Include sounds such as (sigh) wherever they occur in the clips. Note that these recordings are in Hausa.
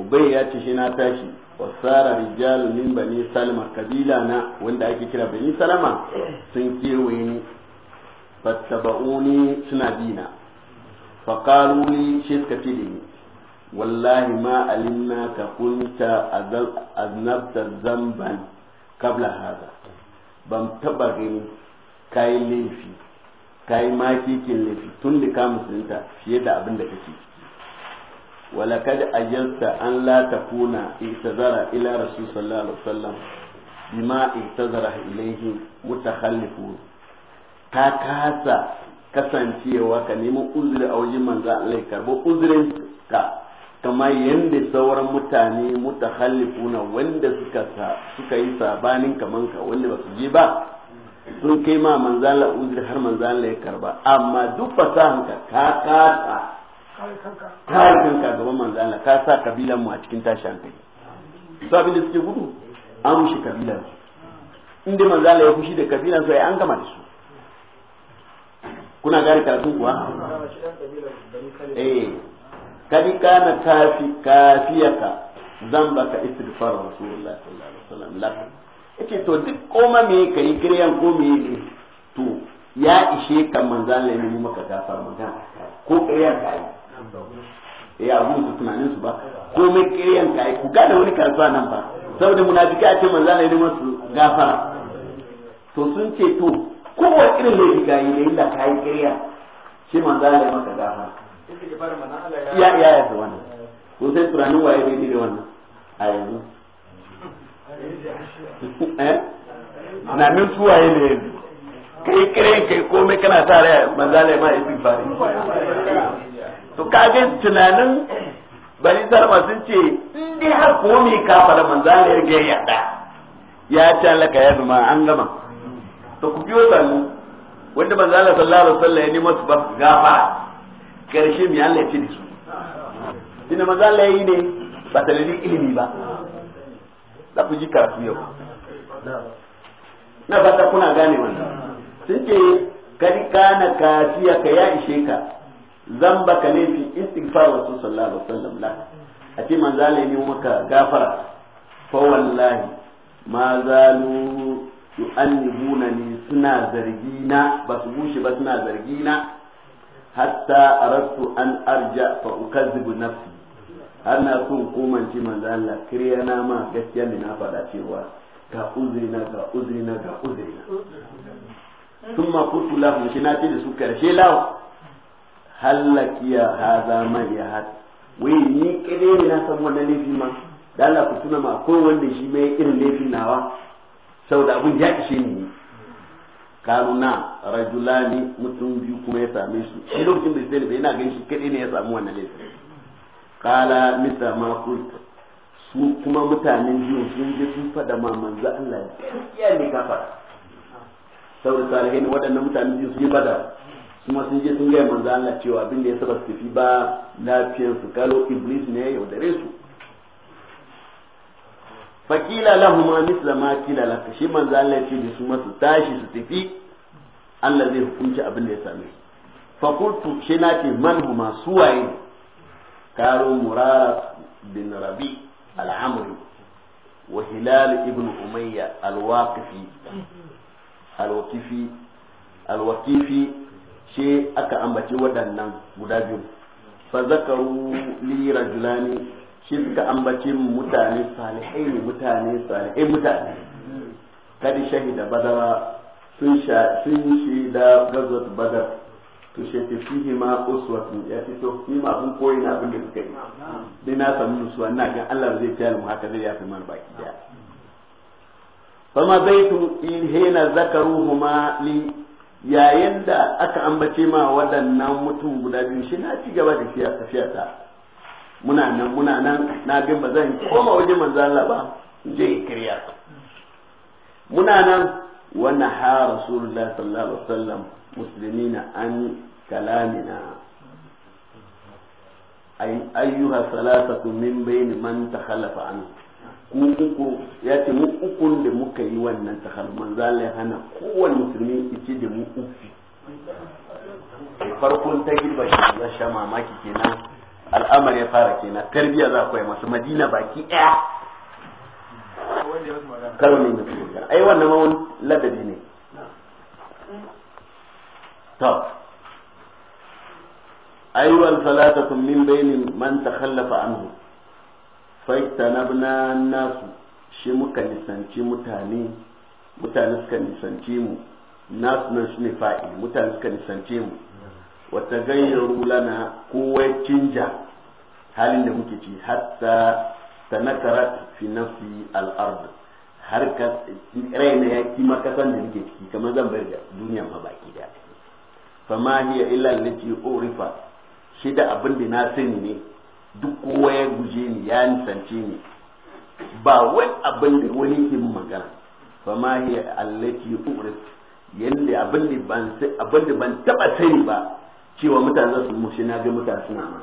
ubay ya ce shi na tashi wasara rijal min bani salma kabila na wanda ake kira bani salama sun kewaye ni fattaba'uni suna dina faqalu li shi suka ce da ni wallahi ma alimna ka kunta aznabta zamban kabla hada ban taba gani kayi laifi kayi makikin laifi tun da ka musulunta fiye da abin da kake ولقد أجلت أن لا تكون اعتذر إلى ila صلى الله عليه وسلم بما اعتذر إليه متخلفون ka kasa kasancewa ka nemi uzuri a wajen manzo Allah ya karbo uzurin ka kamar yadda sauran mutane mutakhallifuna wanda suka suka yi sabanin kaman ka wanda ba su je ba sun kai ma manzo Allah uzuri har manzo Allah ya karba amma duk fasahanka ka kasa kare kanka gaban manzo Allah ka sa kabilan mu a cikin tashi hankali su abin da suke gudu an rushe kabilan su inda manzo Allah ya fushi da kabilan sai an gama da su kuna gane karatun kuwa eh kadi kana kafi kafiyaka zambaka istighfar rasulullah sallallahu alaihi wasallam lak yake to duk koma me kai kiryan ko me ne to ya ishe ka manzo Allah ya nemi maka gafar magana ko kiryan kai eh abu su tunanin su ba mai kiriyan kai ku gane wani kasuwa nan ba saboda munafiki a ce manzo Allah ya nemi gafara to sun ce to kowa irin laifi ga yi da inda ka kiriya shi manzo Allah ya maka gafara ya ya ya ta wannan ko sai tunanin waye ne da wannan a yanzu (laughs) eh na min waye ne kai kiriyan kai mai kana sa rai manzo Allah ya ma istighfari to ga tunanin bari salama sun ce in dai har ko me ka fara manzo Allah ya riga da ya ta laka ya ma an gama to ku biyo sannu wanda manzo Allah sallallahu alaihi wasallam ya nemo su ba gafa karshe me Allah ya ce da su ina manzo Allah yi ne ba lili ilimi ba da ku ji karatu yau na ba ta kuna gane wannan sun ce kadi kana kafiya ka ya ishe ka zan baka laifi istighfar rasul sallallahu alaihi wasallam la a ce man zalai ne maka gafara fa wallahi ma zalu yu'annibuna ni suna zargina ba su bushe ba suna zargi na. hatta arattu an arja fa ukazzibu nafsi har na so komance man zalla kiriya na ma gaskiya ne na faɗa cewa ga na ga na ga uzurina sun ma kurtu shi na ce da su karshe lahu hallakiya haza mai ya had wai ni kire ne na san wannan laifin ma da Allah ku tuna ma ko wanda shi mai irin laifin nawa saboda abun ya ishe ni karuna rajulani mutum biyu kuma ya same su shi lokacin da sai yana ganin shi kire ne ya samu wannan laifin kala mita ma kult su kuma mutanen biyu sun je sun fada ma manzo Allah ya ne ka fara saboda salihin waɗannan mutanen biyu sun yi fada kuma sun je sun gaya manzo Allah cewa abin da ya saba su tafi ba lafiyar su kalo iblis ne ya yaudare su fakila ma mithla ma kila la shi manzo Allah ya ce da su masu tashi su tafi Allah zai hukunci abin da ya same su fakultu shi na man huma suwaye karo murara bin rabi al'amuri wa hilal ibn umayya al-waqifi al-waqifi ce aka ambaci waɗannan guda biyu fa zakaru li rajulani shi suka ambaci mutane salihai ne mutane salihai mutane kadi shahida badara sun sha sun da gazwat badar to she fi fihi ma uswatun ya fito ni ma kun koyi na abin da suka yi dai na samu nusuwa na ga Allah zai kiyaye mu haka zai yafi mana baki daya fama baitu in hina zakaruhuma li yayin da aka ambace ma waɗannan mutum guda biyu shi na ci gaba da shi a ta muna nan muna nan na bin ba zan koma waje manzo Allah ba je kiriya muna nan wa naha rasulullah sallallahu alaihi wasallam muslimina an kalamina ay ayyuha salasatu min bayni man takhalafa an ku ku ya ce suka yi wannan takalman za Allah ya hana kowanne musulmi yace da mu ufi farkon ta girba shi ya sha mamaki kenan al'amar ya fara kenan tarbiyya za ku yi masu madina baki ɗaya karo ne da su ai wannan ma wani ladabi ne to ayyuhal salatatu min bainin man takhallafa anhu fa itanabna nasu shi muka nisanci mutane mutane suka nisanci mu nasu nan shi ne fa’i mutane suka nisance mu wata rula na kowai canja halin da muke ci hatta tanakarat fi nafsi al’ardu har ka raina ya kima makasan da muke ciki kamar zan da duniya ma baki da fama hiya illa allati urifa shi da abin da na sani ne duk kowa ya guje ni ya nisance ni ba wani abin da wani ke magana Ba ma yi allati umrit yadda abin da ban abin da ban taba sani ba cewa mutane su mushi na ga mutane suna ma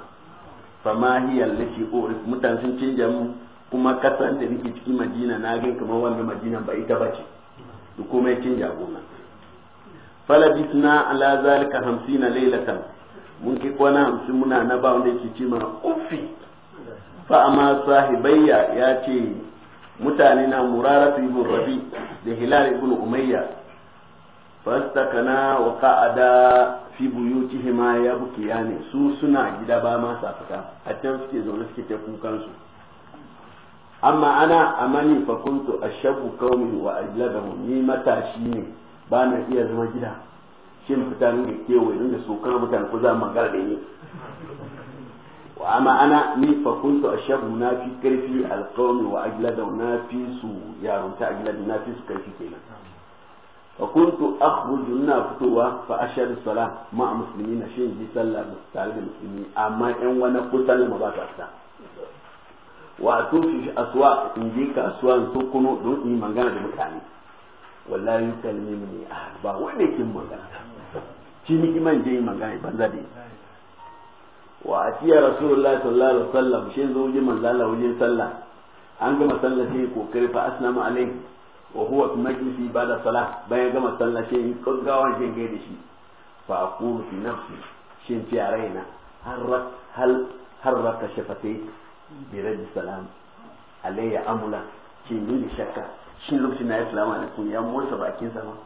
Ba ma yi allati umrit mutane sun canja mu kuma kasan da nake cikin Madina na ga kamar wanda Madina ba ita bace da kuma ya canja gona bisna ala zalika 50 lailatan mun ki kwana 50 muna na ba wanda yake ce mana ufi fa'ama sahibayya ya ce mutane na muraratu ibn rabi da hilal ibn umayya fastakana wa qa'ada fi buyutihima ya ya ne su suna gida ba ma sa a can suke zaune suke ta kukan su amma ana amani fa a ashabu qaumi wa ajladahum ni matashi ne ba na iya zama gida shin fita ne kewaye da su kana mutane ku za mu da ni wa amma ana ni fa kuntu ashabu na fi karfi alqawmi wa ajlada na fi su yarunta ajlada na fi su karfi kenan fa kuntu akhruju na fitowa fa ashhadu salah ma muslimina shin ji sallah tare da musulmi amma yan wani ko sallama ba ta fita wa tufi aswa in ji kasuwan su kuno don yi magana da mutane wallahi kalmi ne ba wanda yake magana shi ni iman je yi magana banza da wa atiya rasulullah sallallahu alaihi wasallam shi zo wajen manzo Allah wajen sallah an gama sallah sai kokari fa asnamu alaihi wa huwa fi majlisi ba'da salah bayan gama sallah sai gaggawan shi ga da shi fa aqulu fi nafsi shin ce a harra hal harraka shafatai bi rajul salam alayya amula ce ni da shakka shi lokacin na islamu ko ya motsa bakin sa ma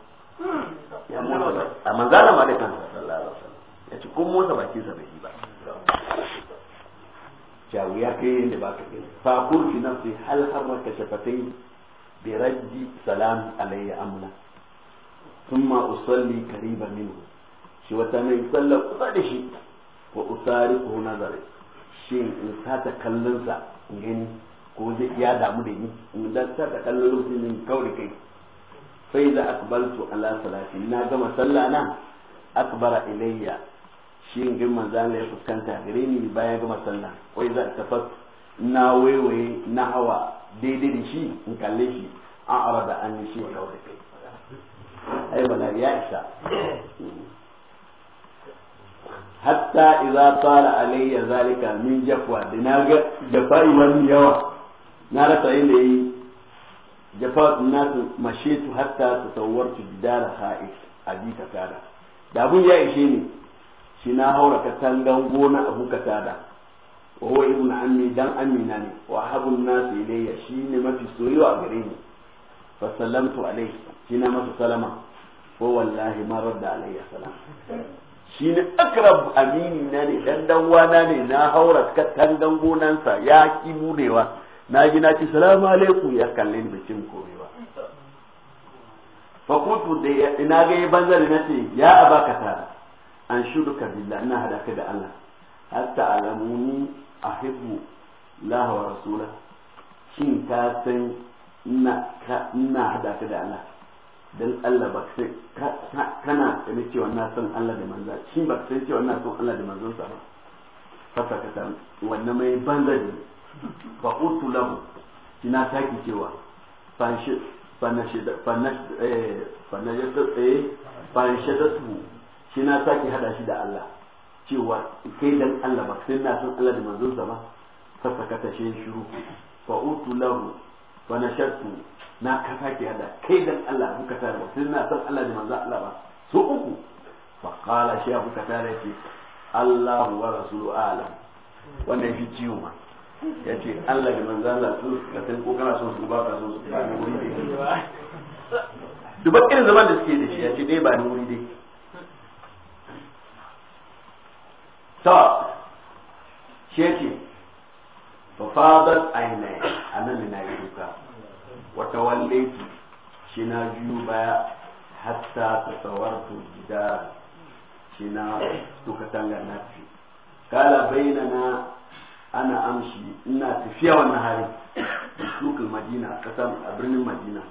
ya motsa amma zalama da kansa sallallahu alaihi wasallam ya ci kun motsa bakin sa bai ba cewa ya kai yadda ba ka kira fa qul fi nafsi hal harraka shafatay bi raddi salam alayya amla thumma usalli qariban minhu shi wata mai salla kusa da shi wa usariqu nazari shi in sata kallon sa in gani ko zai ya damu da ni in dan ta kallon ne kawai kai sai da akbaltu ala salati na gama sallah na akbara ilayya shi ne bin manzana ya fuskanta gare ni bayan gama sallah wai za ta fas na waiwaye na hawa daidai da shi in kalle shi an ara da an shi ya da kai ai bala ya isa hatta idza tala alayya zalika min jafwa da na ga jafa'i wani yawa na rasa inda yi jafa mashe mashetu hatta su tasawwartu bidara ha'is abi tasara da abin ya ishe ne. shi na haura katangan gona abu tada wa ibn ammi dan amina ne wa habun nasu ilayya shi ne mafi soyuwa gare ni fa sallamtu alayhi shi na masa salama ko wallahi ma radda alayya salam shi ne akrab amini na ne dan dan wana ne na haura katangan gonansa ya ki budewa na ji na ci salamu alaikum ya kalle ni bacin komai ba fa kuntu da ina ga banzari na ce ya abaka tara. an shudu ka billah ina hada ka da Allah hatta alamuni ahibbu Allah wa rasula shin ka san ina hada ka da Allah dan Allah ba sai kana kana cewa na san Allah da manzo shin ba sai cewa na san Allah da manzon sa ba fasa ka san wannan mai banza ne fa utu lahu kina saki cewa fa shi fa na shi eh fa eh, shi na sake hada shi da Allah cewa kai dan Allah ba Sai na san Allah da manzon sa ba ta shi shiru fa utu lahu wa nashartu na ka sake hada kai dan Allah muka tare ba Sai na san Allah da manzon Allah ba su uku fa qala shi abu ka tare ce Allah wa rasulu alam wannan fi ciwo ma ya ce Allah da manzon Allah su ka san ko kana son su ba ka son su ba ni wuri dai irin zaman da suke da shi ya ce dai ba ni wuri dai ta shi yake fadar ainihi a nan na yi duka wata wallaki shi na biyu baya hatta ta tsawartu gida shi na duka tangar na fi kala na ana amshi ina tafiya wannan hari sukul madina kasar a birnin madina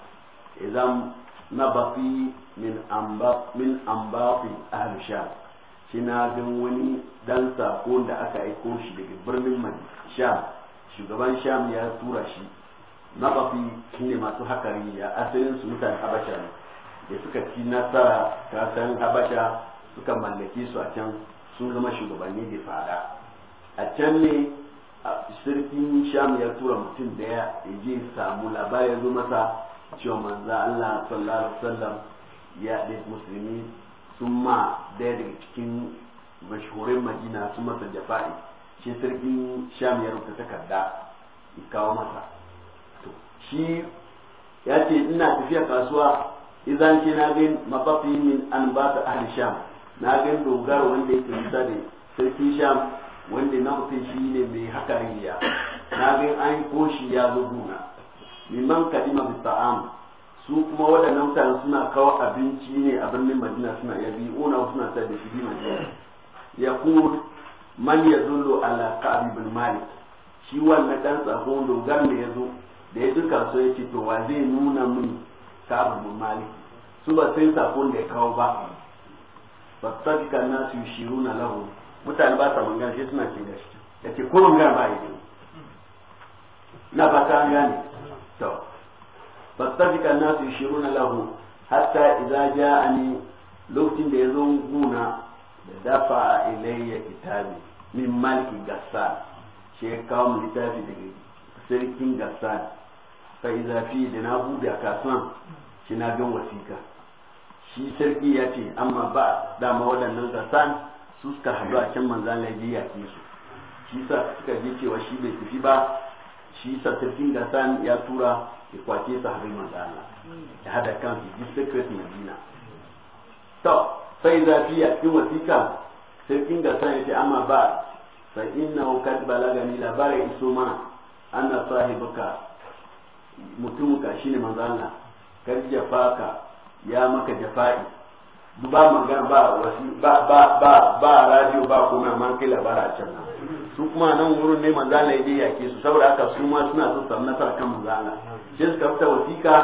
idan na bafi min ambafi ahlu sham shi wani dan sako da aka aiko shi daga birnin man sha shugaban sham ya tura shi mabafi ne masu hakari ya asalin su mutan habasha ne da suka ci nasara ta san habasha suka mallake su a can sun zama shugabanni da fada a can ne sirkin sham ya tura mutum daya ya je samu labarin masa cewa manzo Allah sallallahu alaihi wasallam ya dai musulmi sun ma daya daga cikin mashhurin madina sun masa jafa'i shi sarkin sham ya rubuta takarda ya kawo masa to shi ya ce ina tafiya kasuwa idan ce na ga mabafi min an ba ta ahli sham na ga dogaro wanda ya nisa da sarkin sham wanda na mutum shi ne mai haka riya na ga an koshi ya zo duna liman kadima bi ta'am su kuma waɗannan mutane suna kawo abinci ne a birnin madina suna ya bi ona suna sa da shi bi madina ya kuma man ya zullo ala ka'ab ibn malik shi wannan dan tsako dogar ne ya zo da ya duka so ya ce to wa zai nuna mun ka'ab ibn malik su ba sai sakon da ya kawo ba ba sadika nasu yushiruna lahu mutane ba sa mangan shi suna cin gashi yace ko mangana ba yi na ba ta gane to فاستفك الناس يشيرون له حتى إذا جاءني لوكتين da قونا guna da dafa من ملك min شيء gassan she kawo mu littafi daga sarkin gassan fa da na bude a kasan shi na wasika shi sarki ya ce amma ba dama waɗannan gassan su suka haɗu a can manzan laifi ya su shi sa suka je cewa shi bai tafi ba shi sa sarkin gassan ya tura kwace sahabin manzana ya hada kansu ji secret madina to il y a cikin wasika sai kinga san yace amma ba fa innahu kad balagani labari iso mana anna sahibuka mutumka shine manzana kad jafaka ya jafa'i ba magana ba ba ba ba radio ba kuma man kai labara can su kuma nan wurin ne manzo Allah ya je yake su saboda haka su ma suna so samu nasara kan manzo Allah shi suka fita wasiƙa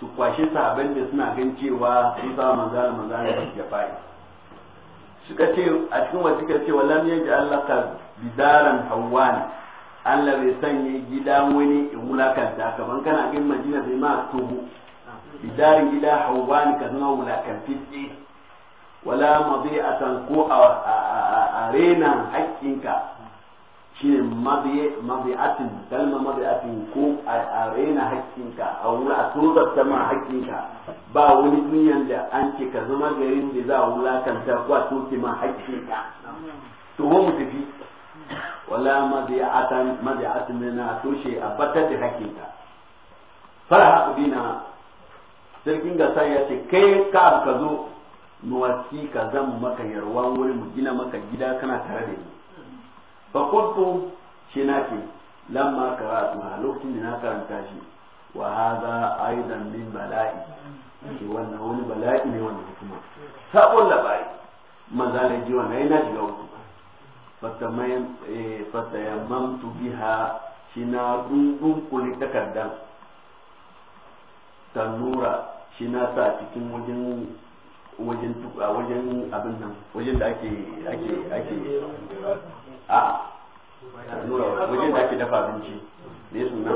su kwashe sahabban da suna gan cewa sun sa manzo Allah manzo Allah ya fa'i suka ce a cikin wasiƙar cewa wallam yaji Allah ka bidaran hawwan Allah bai sanya gida wani in wulakanta kaman kana gin Madina bai ma tubu bidaran gida hawwan ka zama wulakanti wala mabi'atan ko a arena haƙƙinka shi ne mabi'atin kalma mabi'atin ko a raina hakkinka a wula a tozarta ma hakkinka ba wani duniyan da an ce ka zama garin da za a wulakanta ko a toke ma hakkinka to wa mu tafi wala mabi'atan mabi'atin na toshe a batar da hakkinka farha ubina sarkin gasa ya ce kai ka abu ka zo nuwaki ka zan maka yarwa wurin mu gina maka gida kana tare da ni fakultu shi na ce lamma karatu a lokacin da na karanta shi wa haza aidan min bala'i shi wani bala'i ne wannan hikima sabon labari manzala ji wannan yana shiga uku fatayamamtu biha shi na gungun kuli takardan tannura shi na sa cikin wajen abin nan wajen da ake ake a wajen da ake dafa abinci ne suna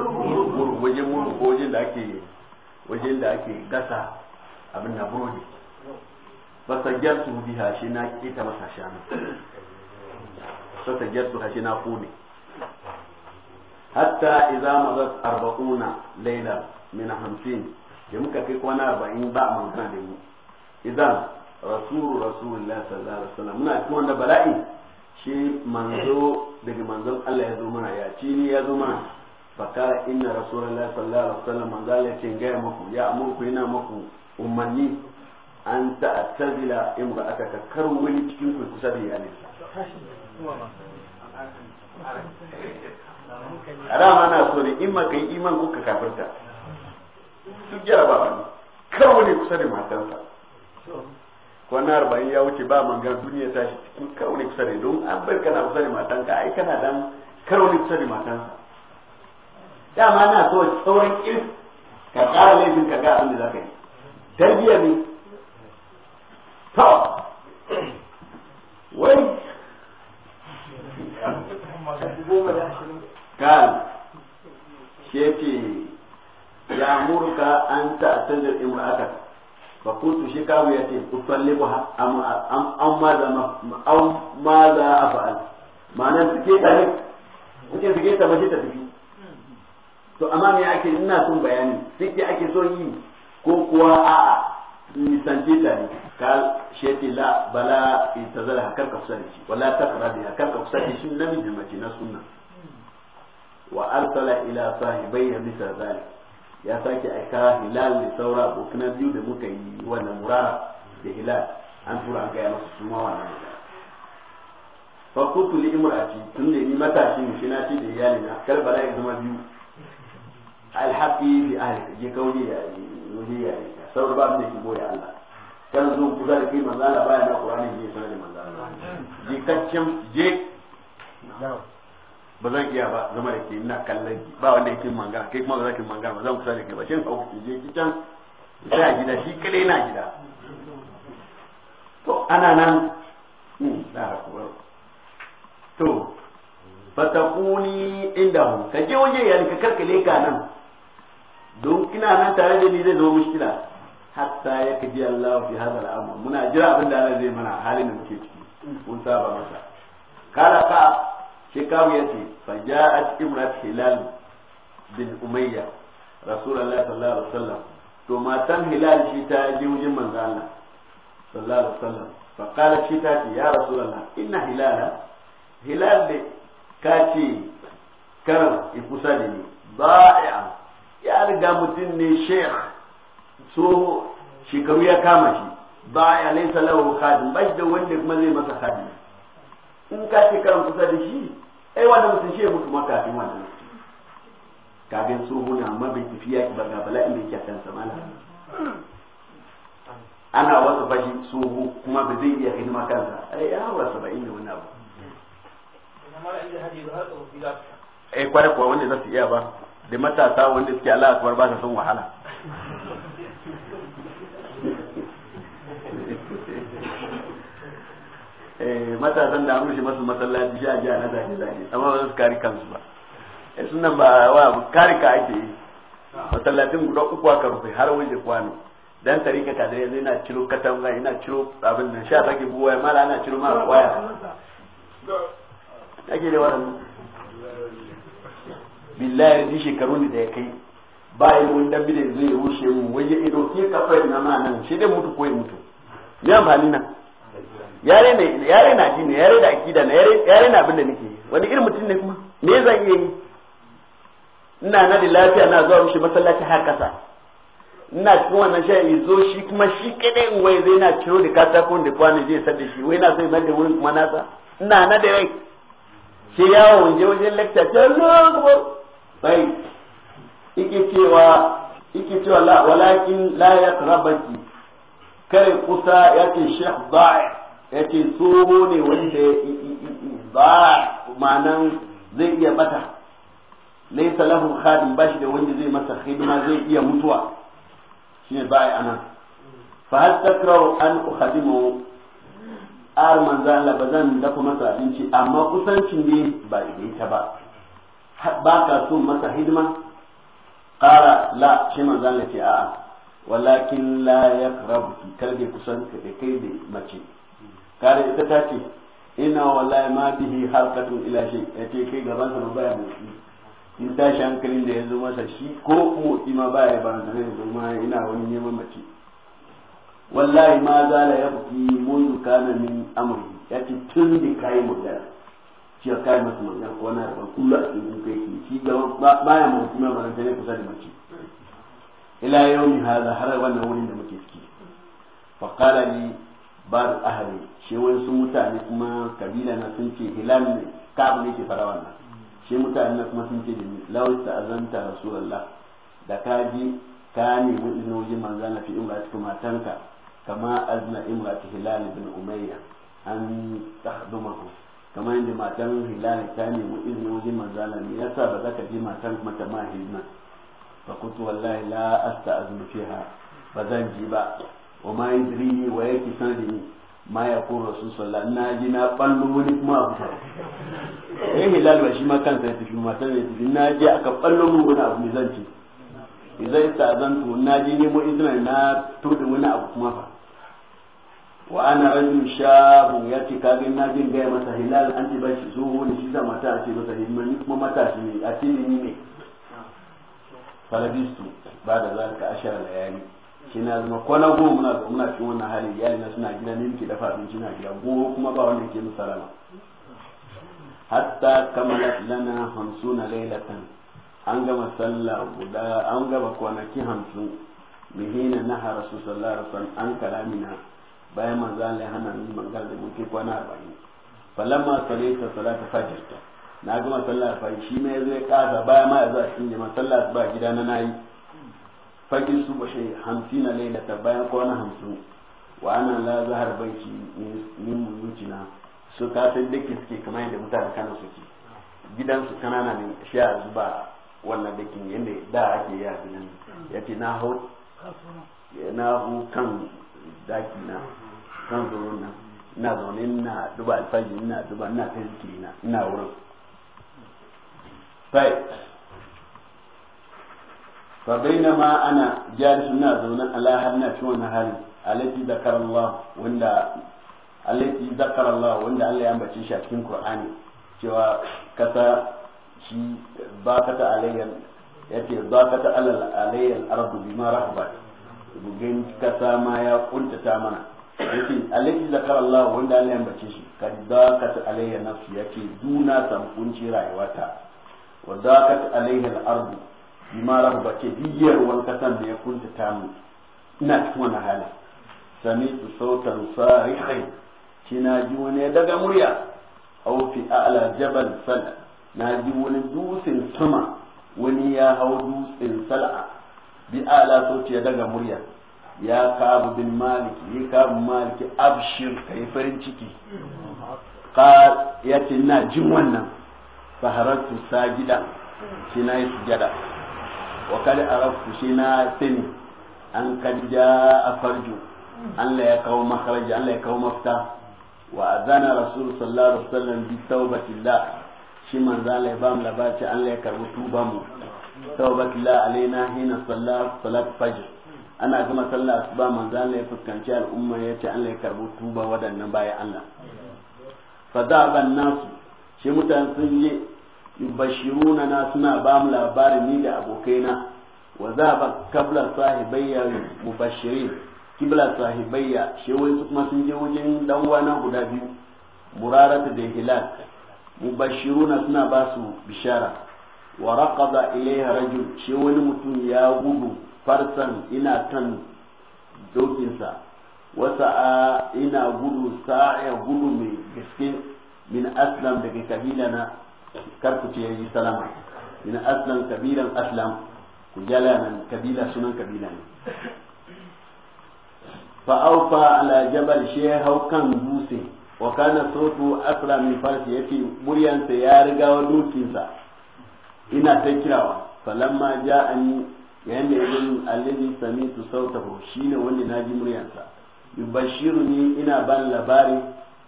wajen murhu ko wajen da ake wajen da ake gasa abin na burodi fasajjar su bi shi na kita masa shanu fasajjar su hashi na kone hatta idza mazat arba'una layla min hamsin da muka kai kwana arba'in ba a magana da mu idan rasulu rasulullahi sallallahu alaihi wasallam muna cikin wanda bala'i shi manzo daga manzon Allah ya zo mana ya ci ni ya zo mana fakara inna rasulullahi sallallahu alaihi wasallam manzo Allah ya ce gaya muku ya amurku yana muku umanni an ta'tazila imra'aka ka karu wani cikin ku kusa da iyalinsa dama na so ne in maka yi iman ka kafirta duk jaraba ne karu wani kusa da matarsa Ko na arba'in ya wuce ba manga duniya ta shi cikin karo ne kusa da don an bai kana kusa da matanka ai kana dan karo ne kusa da matansa dama na so sauran ir ka tsara laifin ka ga abin da za ka yi tarbiya ne to wai kan shi yake ya murka an ta'tazir imra'ataka فقلت شكاوي يتيم أطلبها أم أم أم ماذا أو ماذا أفعل معناه سكيت عليك mutum su gaisa ta tafi to amma ake ina son bayani sai ake son yi ko kuwa a'a nisance ta ne ka shete bala ta zara hakar ka kusa da shi wala ta fara da hakar ka kusa da shi namiji mace na sunna wa arsala ila sahibai ya misal zalik ya sake aika hilal da saura abokan biyu da muka yi wannan murara da hilal an tura an gaya masu suma wannan fa kuntu li imra'ati tun da ni matashi mu shi na ci da iyali na kar bala ya zama biyu alhaqi bi ahli je kauli ya yi ya yi saura ba mu da ki boye Allah kan zo kusa da kai manzo baya na Qur'ani ne sanar da manzo Allah je je ba zan iya ba zama da ke ina kallon ki ba wanda yake manga kai kuma ba za ki manga ba zan kusa da ke ba shin hau ki je ki can sai a gida shi kadai na gida to ana nan da hmm, to fatakuni inda hu ka je waje yani ka karkale ka nan don kina nan tare da ni zai zama mushkila hatta ya kaji Allah fi hadha al-amr muna jira abin da Allah zai mana halin da muke ciki mun saba masa kala ka shi kawo ya ce cikin imrat hilal bin umayya Rasulallah sallallahu alaihi wasallam to matan hilal shi ta je wajen manzo Allah sallallahu alaihi wasallam fa kala shi ta ce ya Rasulallah, inna hilala hilal da ka ce karan kusa da ni ba'a ya riga mutum ne sheikh so shekaru ya kama shi ba'a laysa lahu khadim bashi da wanda kuma zai masa khadim in ka ce karan kusa da shi ai wannan mutum shi ya mutu ma kafin wannan kafin so muna amma bai tafiya yaki ba ga bala'in da yake a samala ana wasu bashi tsoho kuma ba zai iya hidima kansa ai ya haura saba'in da wani abu ai kwarai kuwa wanda za su iya ba da matasa wanda suke Allah akbar ba sa son wahala matasan da an rushe masu masallaci shi a jiya na zage zage amma ba su kare kansu ba eh sunan ba wa kare ka ake yi masallacin guda uku aka rufe har waje kwano dan tarika kadare yanzu yana ciro katanga yana ciro abin nan sha sake buwa ya mala ana ciro mara waya ake da wannan billahi yanzu shekaru ne da ya kai ba yi wani dambi da zai rushe mu waje ido ke kafa na ma nan shi dai mutu ko ya mutu me amfani nan yare ne yare na ji ne yare da akida na yare yare na abin da nake wani irin mutum ne kuma me zan iya yi ina na da lafiya na zuwa mushi masallaci har kasa ina cikin wannan shan zo shi kuma shi kadai in wai zai na ciro da ko da kwano zai sadda shi wai na zai mai da wurin kuma nasa ina na da rai shi yawo je wajen lecture ce lokubo bai yake cewa yake cewa la walakin la yaqrabaki kare kusa yake shekh da'i yace tsoho ne wanda ba manan zai iya bata laysa lahu khadim bashi da wanda zai masa khidma zai iya mutuwa shine bai anan fa hal takrahu an ukhadimu ar manzo Allah bazan dafa masa abinci amma kusancin ne ba ita ba ba ka so masa hidima qala la shi manzo Allah ce a'a walakin la yakrabu kalbe kusan kai da mace kare ita ta ce ina wallahi ma bihi harkatun ila shi ya ce kai gaban sa baya motsi in tashi hankalin da ya zo masa shi ko motsi ma baya ba na yanzu ma ina wani neman mace wallahi ma zala ya buki mun kana min amri ya ce tun da kai magana shi ya kai masa magana ko na ba kula a cikin kai shi gaban baya motsi ma ba na tare kusa da mace ila yau mi hada har wannan wurin da muke ciki faqala ni bar ahli shi wasu mutane kuma kabila na sun ce hilal ne kabu ne ke fara wannan shi mutane na kuma sun ce da ni lawis ta azanta rasulullah da ka ji ka nemi izinin manzan na fi imrati kuma tanka kama azna imrati hilal bin umayya an tahdumahu kama yadda matan hilal ta nemi izinin wajen manzan ne yasa ba za ka ji matan ta ma hizna fa kutu wallahi la asta'zinu fiha ba zan ji ba wa ma yadri wa yake ni ma ya kun rasu sallah na ji na ballo wani kuma abu ta eh hilal ba shi ma kansa ya tafi matan ya tafi na ji aka ballo mun wani abu zan ci idan ta zan to na ji nemo izina na turɗin wani abu kuma fa wa ana rajul shabu ya ce kage na jin gaya masa hilal an ce ba shi zo wani shi za mata a ce masa himmani kuma mata shi ne a ce ne ni ne falabistu ba da zalika ashara layani. kina zama kwana goma muna da muna cikin wannan hali iyali na suna gida ne muke dafa abinci na gida goma kuma ba wanda ke musu salama hatta kamalat lana hamsuna lailatan an gama sallah guda an gama kwanaki hamsu mihina naha rasul sallallahu alaihi wasallam an kalamina bayan manzo Allah ya hana ni mangal da muke kwana 40 falamma salaita salata fajr na gama sallah fa shi ne yazo ya kaza bayan ma yazo a cikin jama'a sallah ba gida na nayi faki subhi hamsina lailata bayan kwana hamsin wa ana la zahar banki min mulucina su ta san dake suke kamar yadda mutane kana suke gidansu kanana ne shi a zuba wannan dakin yadda da ake yi a gidan ya ce na hau na hau kan daki na kan zoro na ina zaune na duba alfaji ina duba ina ta zikiri na ina wurin fa ma ana jari suna zaune ala hanna fi wannan hali alati zakara wanda alati ya ambace shi a cikin Qur'ani cewa kasa shi ba kata alayyan yace ba kata alal alayyan ardu bima rahabat bugin kasa ma ya kuntata mana yace alati zakara Allah wanda Allah ya ambace shi kad zakat alayya nafsi yace rayuwata wa zakat ardu bi ma ba ke bigiyar wani kasan da ya kunta ta mu ina cikin wani hali? sami su sautan sarihai ce na ji wani ya daga murya hau fi a'la jabal sala na ji wani dutsen sama wani ya hau dutsen sal'a bi a'la sauti ya daga murya ya kabu bin maliki ya kabu maliki abshir kai farin ciki ka ya ce na jin wannan faharatu sajida gida, na yi sujada wa kada arabtu shi na sani an ja a farju Allah ya kawo makaraji Allah ya kawo mafita wa azana rasul sallallahu alaihi wasallam bi taubatillah shi manzo Allah ya ba mu labarci Allah ya karbi tuba mu taubatillah alaina hina sallat salat fajr ana gama sallah asuba manzo Allah ya fuskanci al'umma ya ce Allah ya karbi tuba wadannan baya Allah fa da ban nasu shi mutane sun yi. yubashiruna na suna ba mu labarin ni da abokaina wa za ba kabla sahibayya mubashirin kibla sahibayya shi su kuma sun je wajen dan uwana guda biyu murarata da hilal mubashiruna suna ba su bishara wa raqada ilayha rajul shi wani mutum ya gudu farsan ina kan dokinsa wasa ina gudu sa'a gudu mai gaske min aslam daga kabila na kar ce yayi salama ina aslan kabilan aslam ku jala nan kabila sunan kabila ne fa aufa ala jabal shi hau kan dutse wa kana sautu aslam ni farsi yace muryansa ya riga wa dukinsa ina ta kirawa falamma ja'ani yayin da ibn alladhi samitu sautahu shine wanda naji muryansa yubashiruni ina ban labari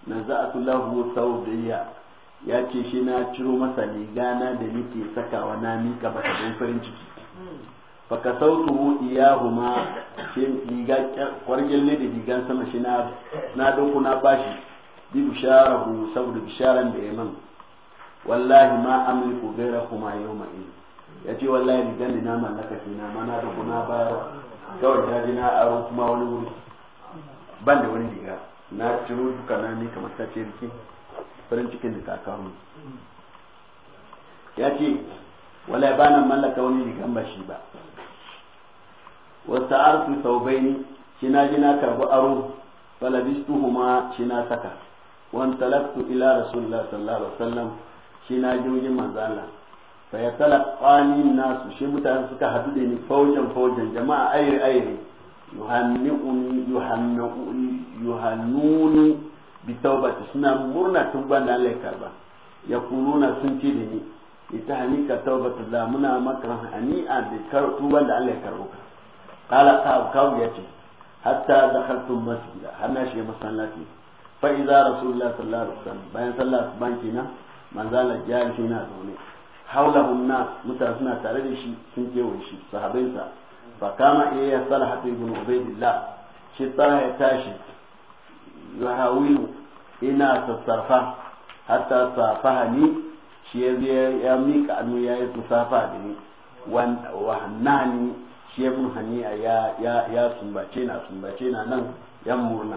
naza'atu lahu ya ce shi na ciro masa riga na da nake sakawa na mika ta don farin ciki ka sautu iyahuma shi riga kwargin ne da rigan sama shi na na na bashi bi bisharahu saboda bisharan da man wallahi ma amliku gaira kuma ma in ya ce wallahi rigan gani na mallaka shi na ma na dauko na bayar kawai daji na aro kuma wani wuri ban da wani riga na ciro duka na mika masa ce rikin farin cikin da kakarun ya ce wala ba nan mallaka wani rigan ba shi ba wasu arsu sau ne shi na ji na karbi aro falabistu kuma shi na saka wani talaktu ila rasulullah sallallahu alaihi wasallam shi na jirgin manzala fa ya talaqani nasu shi mutane suka hadu da ni faujan faujan jama'a ayri ayri yuhannuni yuhannuni bitawbati suna murna tun ban da Allah ya karba ya kununa sun ce da ni ita hanika tawbatu la muna maka hani'a da karatu ban da Allah ya karbo ka qala ka kawo ya ce hatta dakhaltu masjid har na shiga masallaci fa idza rasulullahi sallallahu alaihi wasallam bayan sallah ban kina manzala jari shi na zaune haulahun na mutane suna tare da shi sun kewaye shi sahabinsa fa kama iya ya salahatu ibn ubaydillah shi tsaya ya tashi zahawilu ina sassarfa hatta safa ni shi ya zai ya mika annu ya yi safa da ni wa hannani shi ya bin haniya ya ya sumbace na sumbace na nan yan murna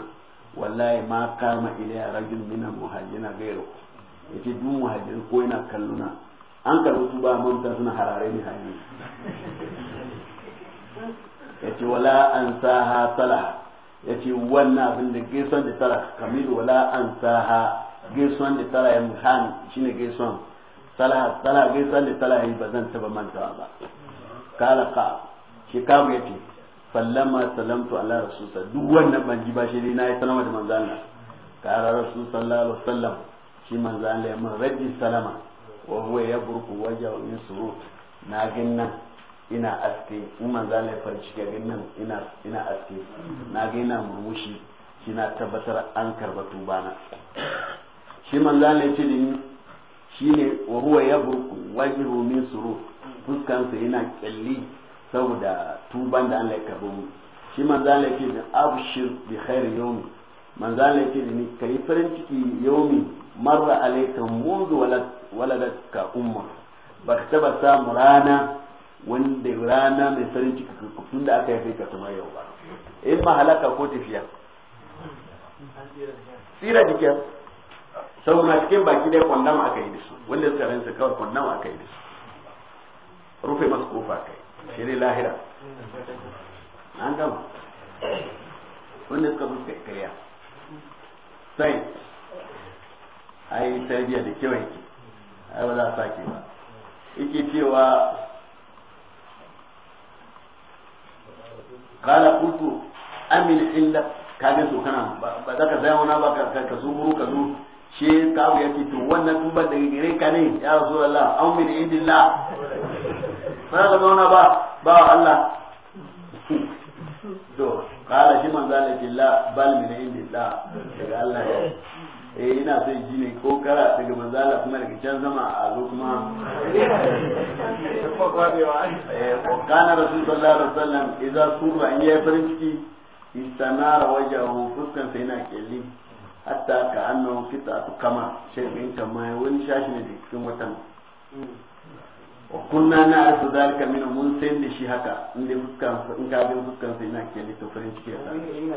wallahi ma kama ilayya rajul min muhajjina gairu ce dun muhajjin ko yana kalluna an karbi su ba manta suna harare ni ya ce wala an saha salaha ya ce wannan abin da gaisuwan da tara kamil wala an saha gaisuwan da tara ya muhan shine gaisuwan salaha gaisuwan da tara yi ba zan taba mantawa ba kala ka shi kamu ya ce sallama salamtu ala rasulullah duk wannan ban ji ba shi dai na yi salama da manzan Allah kala rasul sallallahu alaihi wasallam shi manzan Allah ya mun raddi salama wa huwa yabruku wajen min surur na ginnan ina aske in manza ne farci ga nan ina ina aske na ga ina murmushi shi na tabbatar an karba tuba na shi manza ne ce da ni ne wa huwa yabruku wajhu min surur fuskansa yana kyalli saboda tuban da Allah ya karbo mu shi manzo Allah ce da abshir bi khair yawm man Allah ce da ni kai farin ciki yawmi marra alayka mundu waladatka umma baka taba samu rana wanda rana mai farin ciki tun da aka yi ka tuma yau ba in ma halaka ko tafiya tsira jikin saboda cikin baki dai kwandam aka yi da su wanda suka su kawai kwandam aka yi da su rufe masu kofa kai shi ne lahira an gama wanda suka suka kariya sai ai tarbiyya da kyau yake ai ba za a sake ba yake cewa kala kutu amin illa kaga so kana ba za ka zai wani ba ka ka zumuru ka zo shi kawo ya ce to wannan tuban daga gare ka ne ya rasu Allah an min indillah ba za ka zauna ba ba wa Allah (laughs) to kala shi manzo Allah bal min indillah daga Allah ya eh ina son shi ne ko kara daga manzala kuma daga can zama a zo kuma eh, kana rasul sallallahu alaihi wasallam idan kurba in yayi farin ciki istanara wajahu fuskan sai yana kelli hatta ka annahu to kama shay min kama wani shashi ne cikin watan wa kunna na arzu zalika min mun san da shi haka inda fuskan in ka bin fuskan sai yana kelli to farin ciki ya da hmm,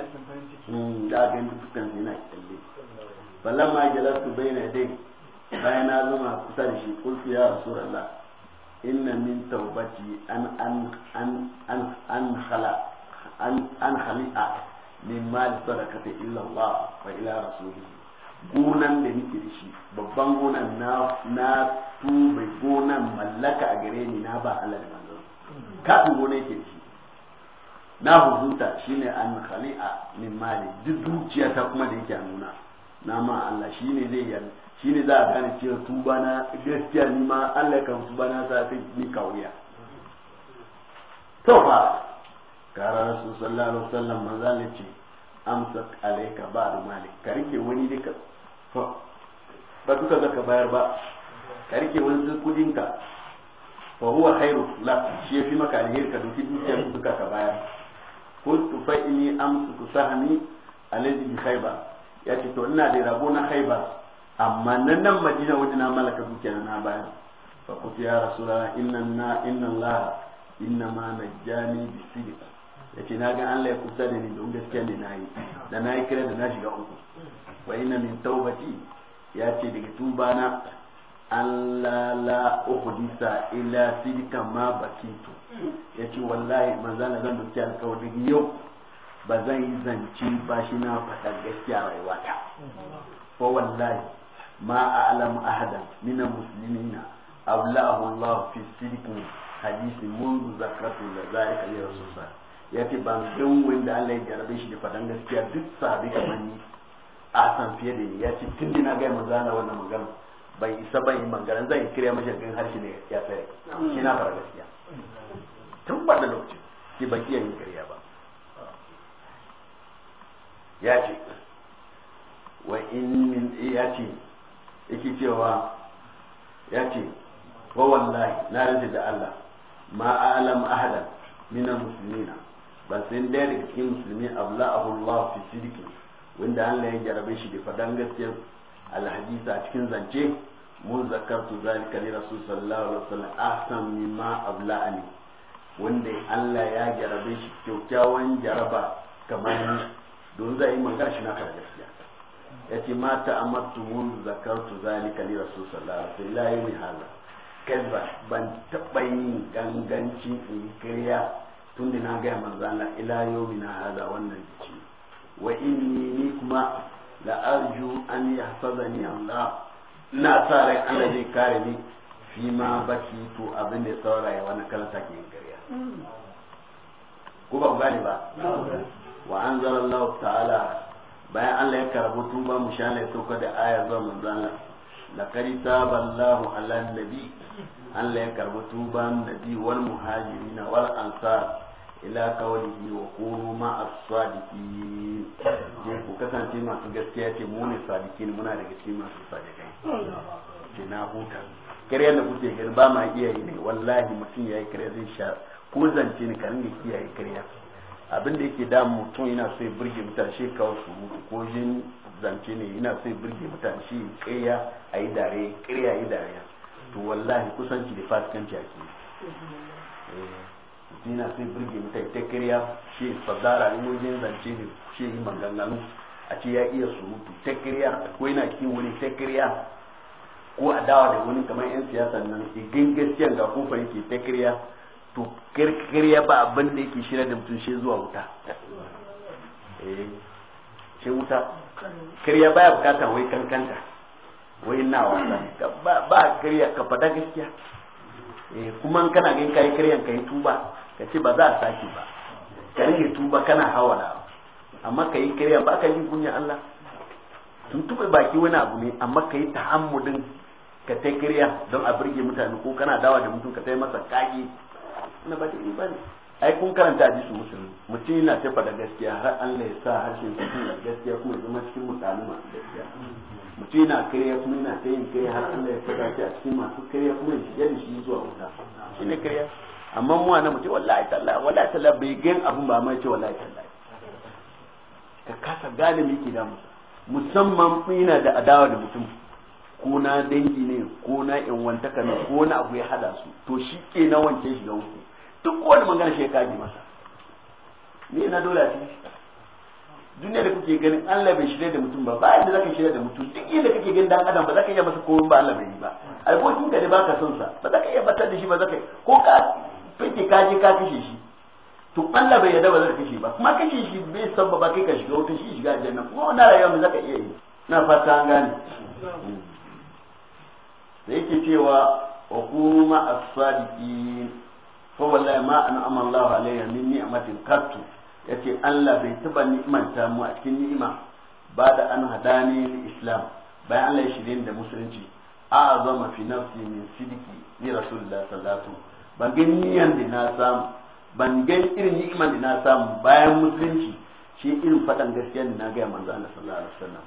ga fuskan sai yana kelli فلما jalastu بين يديه bayan na zama kusa da shi kultu ya rasulullah inna min taubati an an an an an khala an an khali'a min mal sadaqati illa Allah wa ila gonan da nake da shi babban gonan na na tube gonan mallaka a gare ni na ba Allah da manzon kafin gonan yake shi na huzuta shine an khali'a min mali duk ta kuma da yake nuna na ma Allah shi ne zai yi shi ne za a gane cewa tuba na gaskiya ni ma Allah kan tuba na sa ta ni kauriya to fa kara rasu sallallahu alaihi wasallam manzo ne ce amsak alayka da mali. ka rike wani duka ba duka zaka bayar ba ka rike wani kudin ka fa huwa khairu la shi yafi maka alheri ka duki dukiyar duka ka bayar kuntu fa inni amsuku sahmi alladhi bi khaybar ya ce to ina da rabo na haibar amma nan nan madina wajen na malaka dukiya na bayan fa ya ya rasula inna na inna la inna ma najjani bi ya ce na ga Allah ya kusa da ni don gaskiya ne na yi da na yi kira da na shiga uku wa inna min taubati ya ce daga tuba na Allah la uhdisa illa silika ma bakitu yace wallahi manzo na zan dukiya alƙawarin yau ba zan yi zance ba shi na faɗa gaskiya rayuwa ta fa wallahi ma a'lamu ahadan minan muslimina ablahu Allah fi sidqi hadisi mun zakatu da zalika ya rasulullah ban gan wanda Allah ya jarabe shi da faɗan gaskiya duk sahabi kamar ni a san fiye da ni Ya ce tun da na ga manzo wannan magana bai isa ban yi magana zan yi kira mashi gan harshe ne ya tsare shi na fara gaskiya tun ba da lokaci ki ba yin kariya ba ya ce wa in min ya ce yake cewa ya ce wa wallahi na rage da Allah ma alam ahada mina muslimina ban san daya daga cikin musulmi abla Allah fi sidiki wanda Allah ya jarabe shi da fadan gaskiyar alhadisa a cikin zance mun zakartu zalika li rasul sallallahu alaihi wasallam ahsan mimma ani wanda Allah ya jarabe shi kyakkyawan jaraba kamar don zai yi magana shi naka da gaskiya ya ce mata amattu mun zakartu zalika li rasul sallallahu alaihi wasallam hala kaza ban taba yin ganganci in kariya tun da na gaya manzana Allah ila yomi na hala wannan jiki wa inni ni kuma la arju an yahsabani Allah na sa rai Allah zai kare ni fi ma baki to abin da ya sauraye wani kalanta ke yin kariya hmm. ko ba gane ba wa anzala Allah ta'ala bayan Allah ya karabu tun ba mu sha ya sauka da aya zuwa manzon Allah ala nabi Allah ya karbi tuba nabi wal muhajirin wal ansar ila kawalihi wa ma as-sadiqin ku kasance masu gaskiya ce mu ne sadiqin muna da cikin masu sadiqai ce na huta kare da kuce gani ba ma iya ne wallahi mutum yayi kare zai sha ko zance ne kan ne kiyaye kariya abin da yake damu mutum yana sai burge mutane shi su surutu ko jin zance ne yana sai burge mutane shi ƙirya a yi dare ƙirya yi dare to wallahi kusanci da fasikanci ake eh, mutum yana so ya burge mutane ta ƙirya shi fadara ne wajen zance ne shi yi maganganu a ce ya iya surutu ta ƙirya ko yana kiwo wani ta ƙirya ko a dawa da wani kamar 'yan siyasa nan igin gaskiya ga kofar yake ta ƙirya to ya ba abin da yake shirya da mutum shi zuwa wuta eh, shi wuta kirya baya bukatar wai kankanta wai na wasa ba kirya ka faɗa gaskiya eh, kuma kana ganin kayi kiryan kayi tuba ka ce ba za a sake ba ka rage tuba kana hawala amma ka yi kirya ba ka yi kunya Allah tuntube baki wani abu ne amma ka yi ta'amudin ka ta kirya don a birge mutane ko kana dawa da mutum ka ta masa kage na ba daidai ba ne ai kun karanta hadisi su musulmi mutum yana tafa da gaskiya har Allah ya sa harshen su da gaskiya kuma zama cikin mutane masu gaskiya mutum yana kariya kuma yana ta yin kariya har Allah ya saka shi a cikin masu kariya kuma ya shiga da shi zuwa wuta ne kariya amma mu na mutum wallahi tallahi wallahi tallahi bai gan abun ba mai ce wallahi tallahi ka kasa gane me yake damu musamman ina da adawa da mutum ko na dangi ne ko na yan wantaka ne ko na abu ya hada su to shi ke na wance shi ga wuku duk wani magana shi ya kaji masa ne na dole a duniya da kuke ganin Allah bai shirya da mutum ba ba yadda zaka shirya da mutum duk inda kake ganin dan adam ba zaka iya masa komai ba Allah bai yi ba albokin ka ba baka son sa ba zaka iya batar da shi ba zaka ko ka fike kaji ka kishi shi to Allah bai yadda ba zaka kishi ba kuma kishi shi bai san ba kai ka shiga wata shi shiga janna kuma wannan rayuwa ba zaka iya yi na fata an gane da yake cewa wa kuma as-sadiqin fa wallahi ma an amallahu alayya min ni'matin qattu yace Allah bai taba ni'imanta mu a cikin ni'ima ba da an hadani lil islam bayan Allah ya shirye da musulunci a azama fi nafsi min sidiki ni rasulullah sallallahu ban gan niyan da na samu ban gan irin ni'iman da na samu bayan musulunci shi irin fadan gaskiya da na ga manzo Allah sallallahu alaihi wasallam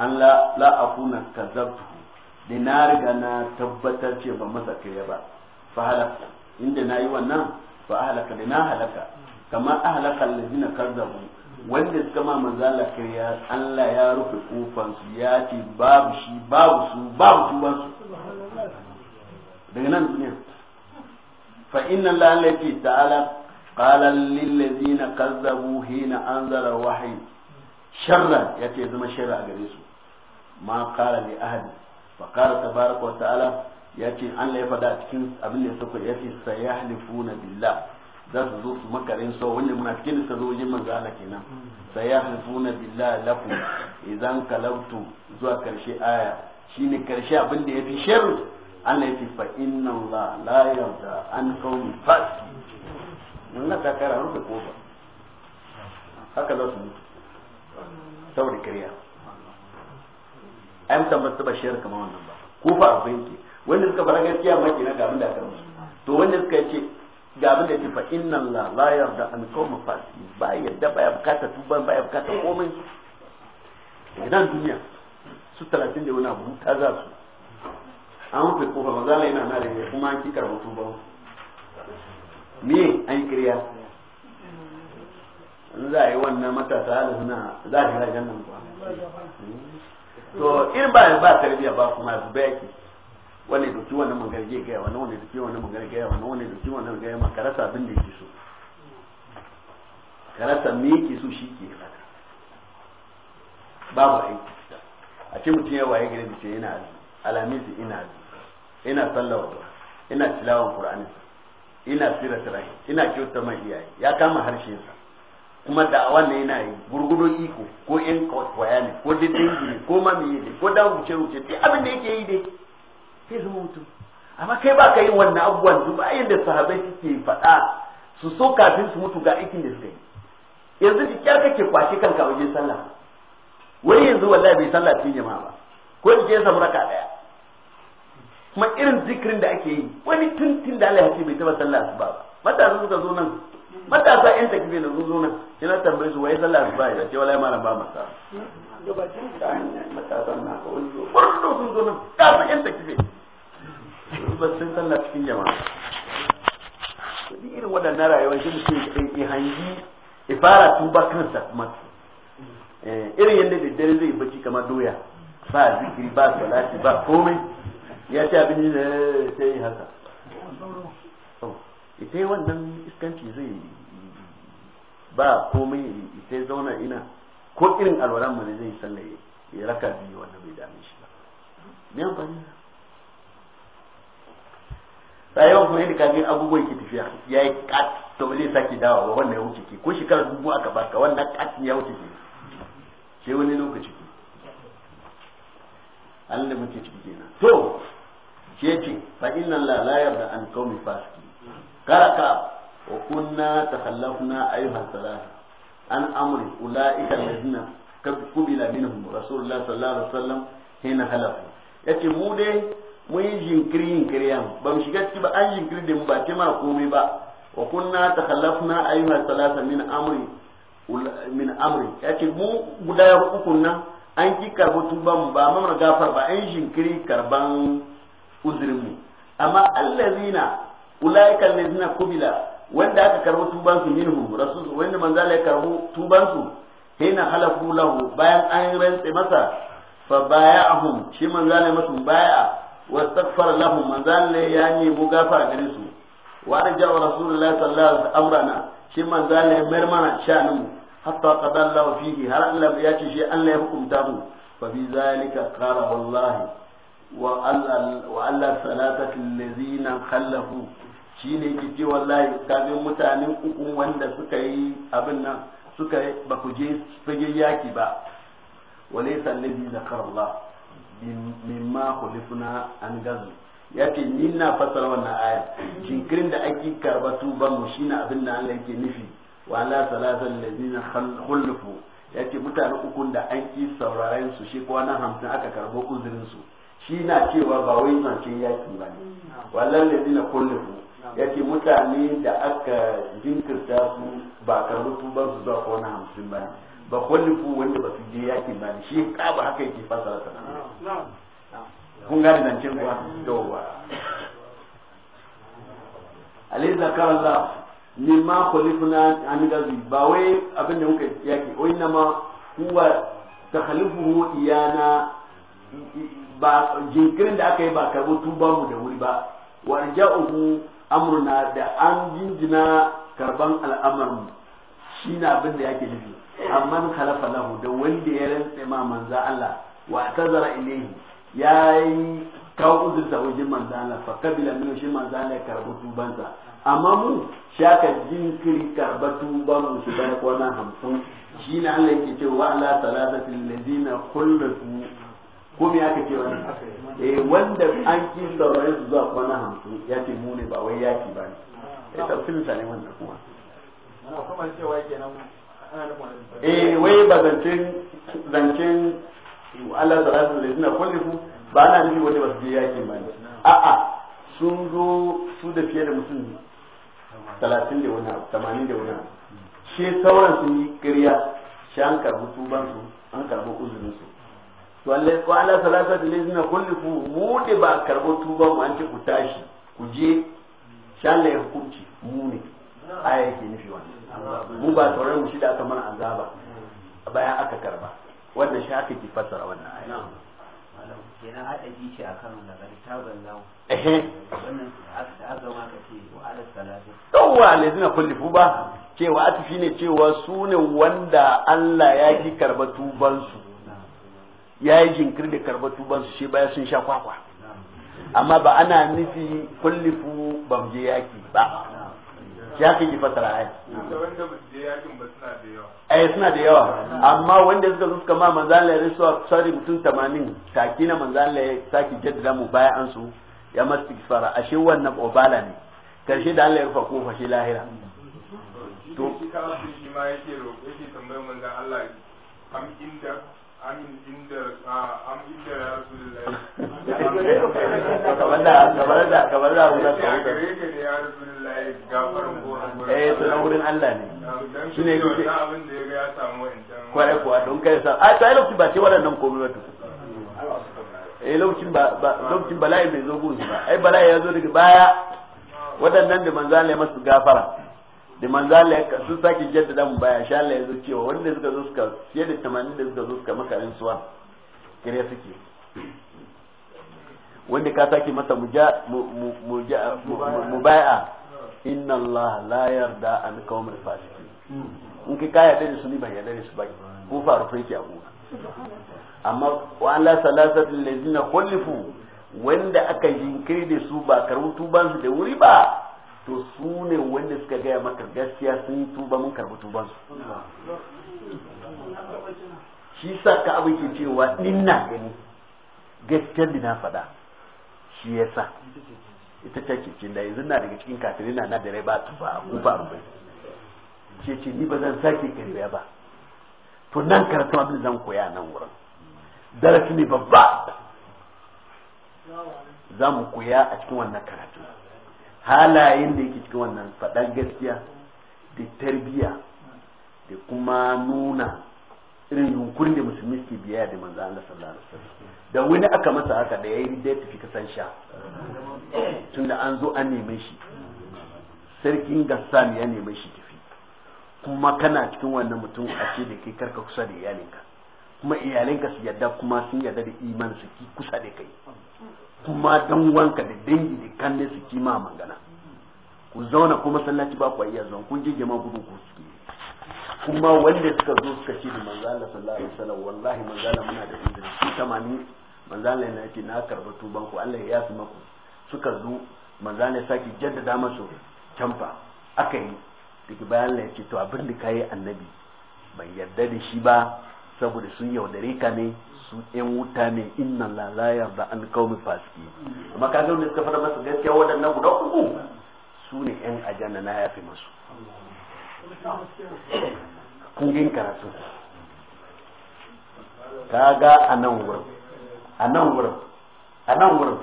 an la la akuna kazabtu da na riga na tabbatar ce ba masa kai ba fa halaka inda na yi wannan fa ahlaka da na halaka kama ahlaka allazina kazzabu wanda suka ma manzo Allah kariya Allah ya rufe kofan su ya ce babu shi babu su babu tuban su daga nan duniya fa inna Allah allati ta'ala qala lil ladina kazzabu hina anzala wahyi sharra yace zama sharra a gare su ma qala li ahad fa qala tabaraka wa ta'ala ya ce Allah ya faɗa cikin abin da ya sako ya ce sayahlifuna billah za su zo su makarin sau wanda muna cikin su zo wajen manzo Allah kenan sayahlifuna billah lafu idan kalabtu zuwa karshe aya shine karshe abin da fi sharru Allah ya ce fa inna Allah la yarda an qawmi fasiki mun na takara da kofa haka za su mutu saboda kariya ai mutan ba su ba shayar kamar wannan ba kofa a banki wanda suka fara gaskiya ma kenan ga abin da aka musu to wanda suka ce ga abin da ke fa inna Allah la yarda an qawma fasi ba yadda ba ya bukata tuban ba ya bukata komai idan duniya su talatin da wani abu ta za su an rufe kofa ba zala yana na da kuma an ki karɓi tuba me an yi kiriya in za a yi wannan matasa da na za a shiga jannan ba hmm. to irin ba ba tarbiya ba kuma zuba yake wannan doki wannan magana zai gaya wannan wanne doki wannan magana gaya wannan wanne doki wannan gaya ma ka rasa abin da yake so ka rasa me yake so shi ke fata babu aiki a ce mutum ya waye gare da ce ina azumi alamisi ina azumi ina sallah wa ina tilawan qur'ani ina sira sirahi ina kyauta mai iyaye ya kama sa kuma da wannan yana yi gurgudo iko ko in kwaya ne ko dindin ko mamiye ne ko dawo wuce wuce duk abin da yake yi dai sai zama mutum amma kai ba ka yi wannan abubuwan ba yadda sahabai suke faɗa su so kafin su mutu ga aikin da suka yi yanzu ki kyar kake kwashe kanka wajen sallah wani yanzu wallahi bai sallah cikin jama'a ba ko ki je samu raka daya kuma irin zikirin da ake yi wani tuntun da Allah ya ce bai taba sallah su ba matasa suka zo nan matasa yan takbir da zo nan yana tambaye su waye sallah su ba ya ce wallahi malam ba masa matasa na ko wani zo sun zo nan kafin san yan takbir ba sun sallah cikin jama'a to duk irin waɗannan rayuwar shi mutum ya hangi ya fara tuba kansa kuma eh, irin yadda da dare zai bacci kamar doya ba zikiri ba salati ba komai ya ce abin da eh, ta yi haka ita yi wannan iskanci zai ba komai ita zauna ina ko irin alwaran mu ne zai sallaye ya raka biyu wannan bai dame shi ba ne amfani rayuwar ku ne da kafin abubuwan ki tafiya ya yi kat to ba zai sake dawa ba wannan ya wuce ki ko shekara dubu aka baka wannan kat ya wuce ki ke wani lokaci ki Allah mun ce ciki kenan to ke ce fa inna la la yarda an qaumi fasiki karaka wa kunna takhallafna ayyuha salat an amri ulaika alladhina kubila minhum rasulullah sallallahu alaihi wasallam hina halafu yace mu dai mun yi jinkiri yan ba mu shiga ciki ba an jinkiri da mu ba ce ma komai ba wa kunna takhallafna ayyuha salasa min amri min amri yace mu guda uku nan an ki karbi tuban ba mamar gafar ba an jinkiri karban uzurin mu amma allazina ulaika allazina kubila wanda aka karbo tuban su mu rasul wanda manzo Allah ya karbo tuban su hina halafu lahu bayan an rantse masa fa baya'ahum shi manzo Allah ya masa baya'a واستغفر لهم من ذا لي يعني مغفر غريسو ورجع رسول الله صلى الله عليه وسلم امرنا شي من ذا لي مرمنا شانم حتى قضى الله فيه هل لم ياتي شيء ان لا يحكم تامو فبذلك قال والله وألا ثلاثة الذين خلفوا shi ne ke ce wallahi kafin mutanen uku wanda suka yi abin nan suka ba ku je fage yaki ba wale sallabi zakar Allah mimma khulifna an gazu ya ce ni na fassara wannan aya jinkirin da ake karba tuban mu shine abin da Allah yake nufi wa la salatan ladina khulifu ya mutane uku da an ki sauraren su shi kwana hamsin aka karbo uzurin su shi na cewa ba wai zancen yaki ba ne wallan ladina khulifu ya mutane da aka jinkirta su ba karbi tuban su zuwa kwana hamsin ba ba kwallifu wanda ba su je yakin ba shi kaba haka yake fasara sana kun gane nan cin kuwa yawwa alayhi zakarallah mimma khalifna an gazi ba wai abin da muka yaki wai na ma kuwa ta huwa takhalifuhu iyana ba jinkirin da aka yi ba karbo tuba mu da wuri ba wa ja'uhu amruna da an jinjina karban al'amarin shi na abin da yake nufi amman khalafa lahu da wanda ya rantsa ma manzo Allah wa tazara ilayhi yayi kawo uzur da wajen manzo Allah fa kabila min shi manzo Allah ya karbu sa amma mu shaka jinkiri karba tuban mu shi bana kwana hamsin shi ne Allah yake cewa ala salatati alladhina kullatu ko me aka ce wani eh wanda an ki saurayi su zuwa kwana hamsin ya ce mu ne ba wai yaki ba ne eh tafsirin sa ne wannan kuma ana kuma cewa kenan eh wai ba zancen zancen Allah da rasul da suna kullifu ba na nufi wani ba su je yakin ba ne a'a sun zo su da fiye da mutum talatin da wani tamanin da wani shi sauran sun yi ƙirya shi an karbi tuban su an karbi uzurin su to Allah ko Allah salatu da lazina kullifu mu da ba karbo tuban mu an ce ku tashi ku je shi Allah ya hukunci mu ne aya yake nufi wannan mu ba tauraron shi da aka mana azaba bayan aka karba wannan shi aka ki fassara wannan aya kenan haɗabi ce a kan daga tabar lau wannan aka ka ce wa ala salatu yawwa lazina kullifu ba cewa atifi ne cewa su ne wanda Allah ya ki karba tubansu ya yi jinkiri da karba tubansu shi baya sun sha kwakwa amma ba ana nufi kullifu bamje yaki ba ya ki fasara ai ai eh, suna da yawa amma wanda suka suka ma manzan Allah ya a sorry mutum tamanin taki na manzan Allah saki jaddada mu baya an su ya masu fara ashe wannan obala ne karshe da Allah ya rufa kofa shi lahira kamar da da da eh to wurin Allah ne shi ne kuke kwarai kuwa don kai sa a ah, sai lokaci ba ce waɗannan komai ba to eh lokacin ba lokacin bala'i bai zo gunsu ba ai bala'i ya zo daga baya waɗannan da manzo Allah ya masu gafara da manzo Allah ya sun sake jaddada mu baya sha Allah yazo cewa wanda suka zo suka fiye da tamanin da suka zo suka maka rantsuwa kire suke wanda ka saki masa muja mubaya inna Allah la yarda an qawmil fasiki in kai ka yarda da su ni ban yarda da su ba ko faru fake abu amma wa Allah salasatu allazina khulifu wanda aka jinkiri da su ba karutu ba su da wuri ba to su ne wanda suka gaya maka gaskiya sun yi tuba mun karɓi tuban su shi sa ka abin ke cewa din na gani gaskiyar da na faɗa shi ya sa ita ke cin da yanzu na daga cikin kafin na na rai ba tuba a kufa rubai ce ce ni ba zan sake kai ba to nan karatu abin zan koya nan wurin darasi ne babba za mu koya a cikin wannan karatu halayen da yake cikin wannan faɗan gaskiya da tarbiya da kuma nuna irin yunkurin da musulmi ke biya da manzo Allah sallallahu alaihi wasallam da wani aka masa haka da yayi da tafi san sha tunda an zo an neme shi sarkin Gassam ya neme shi tafi kuma kana cikin wannan mutum a ce da kai karka kusa da iyalinka kuma iyalinka su yadda kuma sun yadda da iman su kusa da kai kuma dan wanka da dangi da kanne su kima ma ku zauna ko masallaci ba ku iya zuwa. kun je jama'a gudu ku suke kuma wanda suka zo suka ce da manzo Allah sallallahu alaihi wasallam wallahi manzo Allah muna da izini ku tamani manzo Allah yana ce na karba tuban ku Allah ya yafi maku suka zo manzo Allah saki jaddada masu canfa aka yi daga bayan Allah ya ce to abin da kai annabi ban yarda da shi ba saboda sun yaudare ka ne su yan wuta ne inna lalayar da an kawo qaumi fasiki amma ga wanda suka fara masa gaskiya waɗannan guda uku su ne yan ajanna na yafi masu. kungin karatu ka ga a nan wurin a nan wurin a nan wurin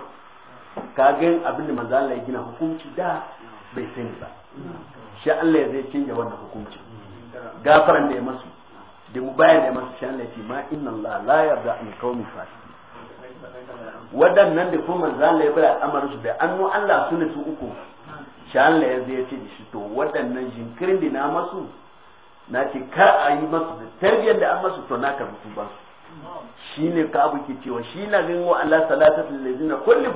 ka kaga abin da manzo Allah ya gina hukunci da bai sani ba shi Allah ya zai canja wannan hukunci gafaran da ya masu da mu bayar da masu shan laifi ma inna Allah la yarda an qaumi fasiki wadannan da kuma zan lai bada amaru su da annu Allah suna su uku shan la ya ce da shi to wadannan jinkirin da na masu na ce kar a yi masu da tarbiyyar da an masu to na karbi su ba su shine ka abu ke cewa shi na ganin wa Allah salatatul ladina kullu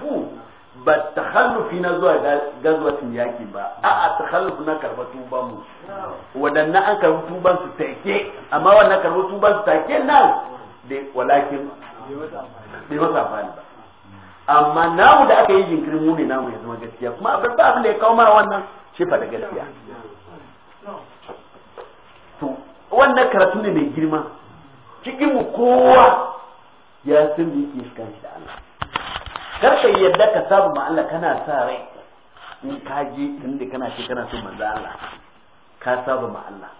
ba takhallufi na zuwa gazwatin yaki ba a'a takhalluf na karba tuban mu wadannan an karbi tuban su take amma wannan karbi tuban su take nan da walakin bai wata amfani ba amma namu da aka yi jinkirin mu ne namu ya zama gaskiya kuma abin ba abin da ya kawo mara wannan shefa da gaskiya to wannan karatu ne mai girma cikin mu kowa ya san da yake shi da Allah kar ka yadda ka saba ma Allah kana sa rai in ka je tun da kana ce kana so manzo Allah ka saba ma Allah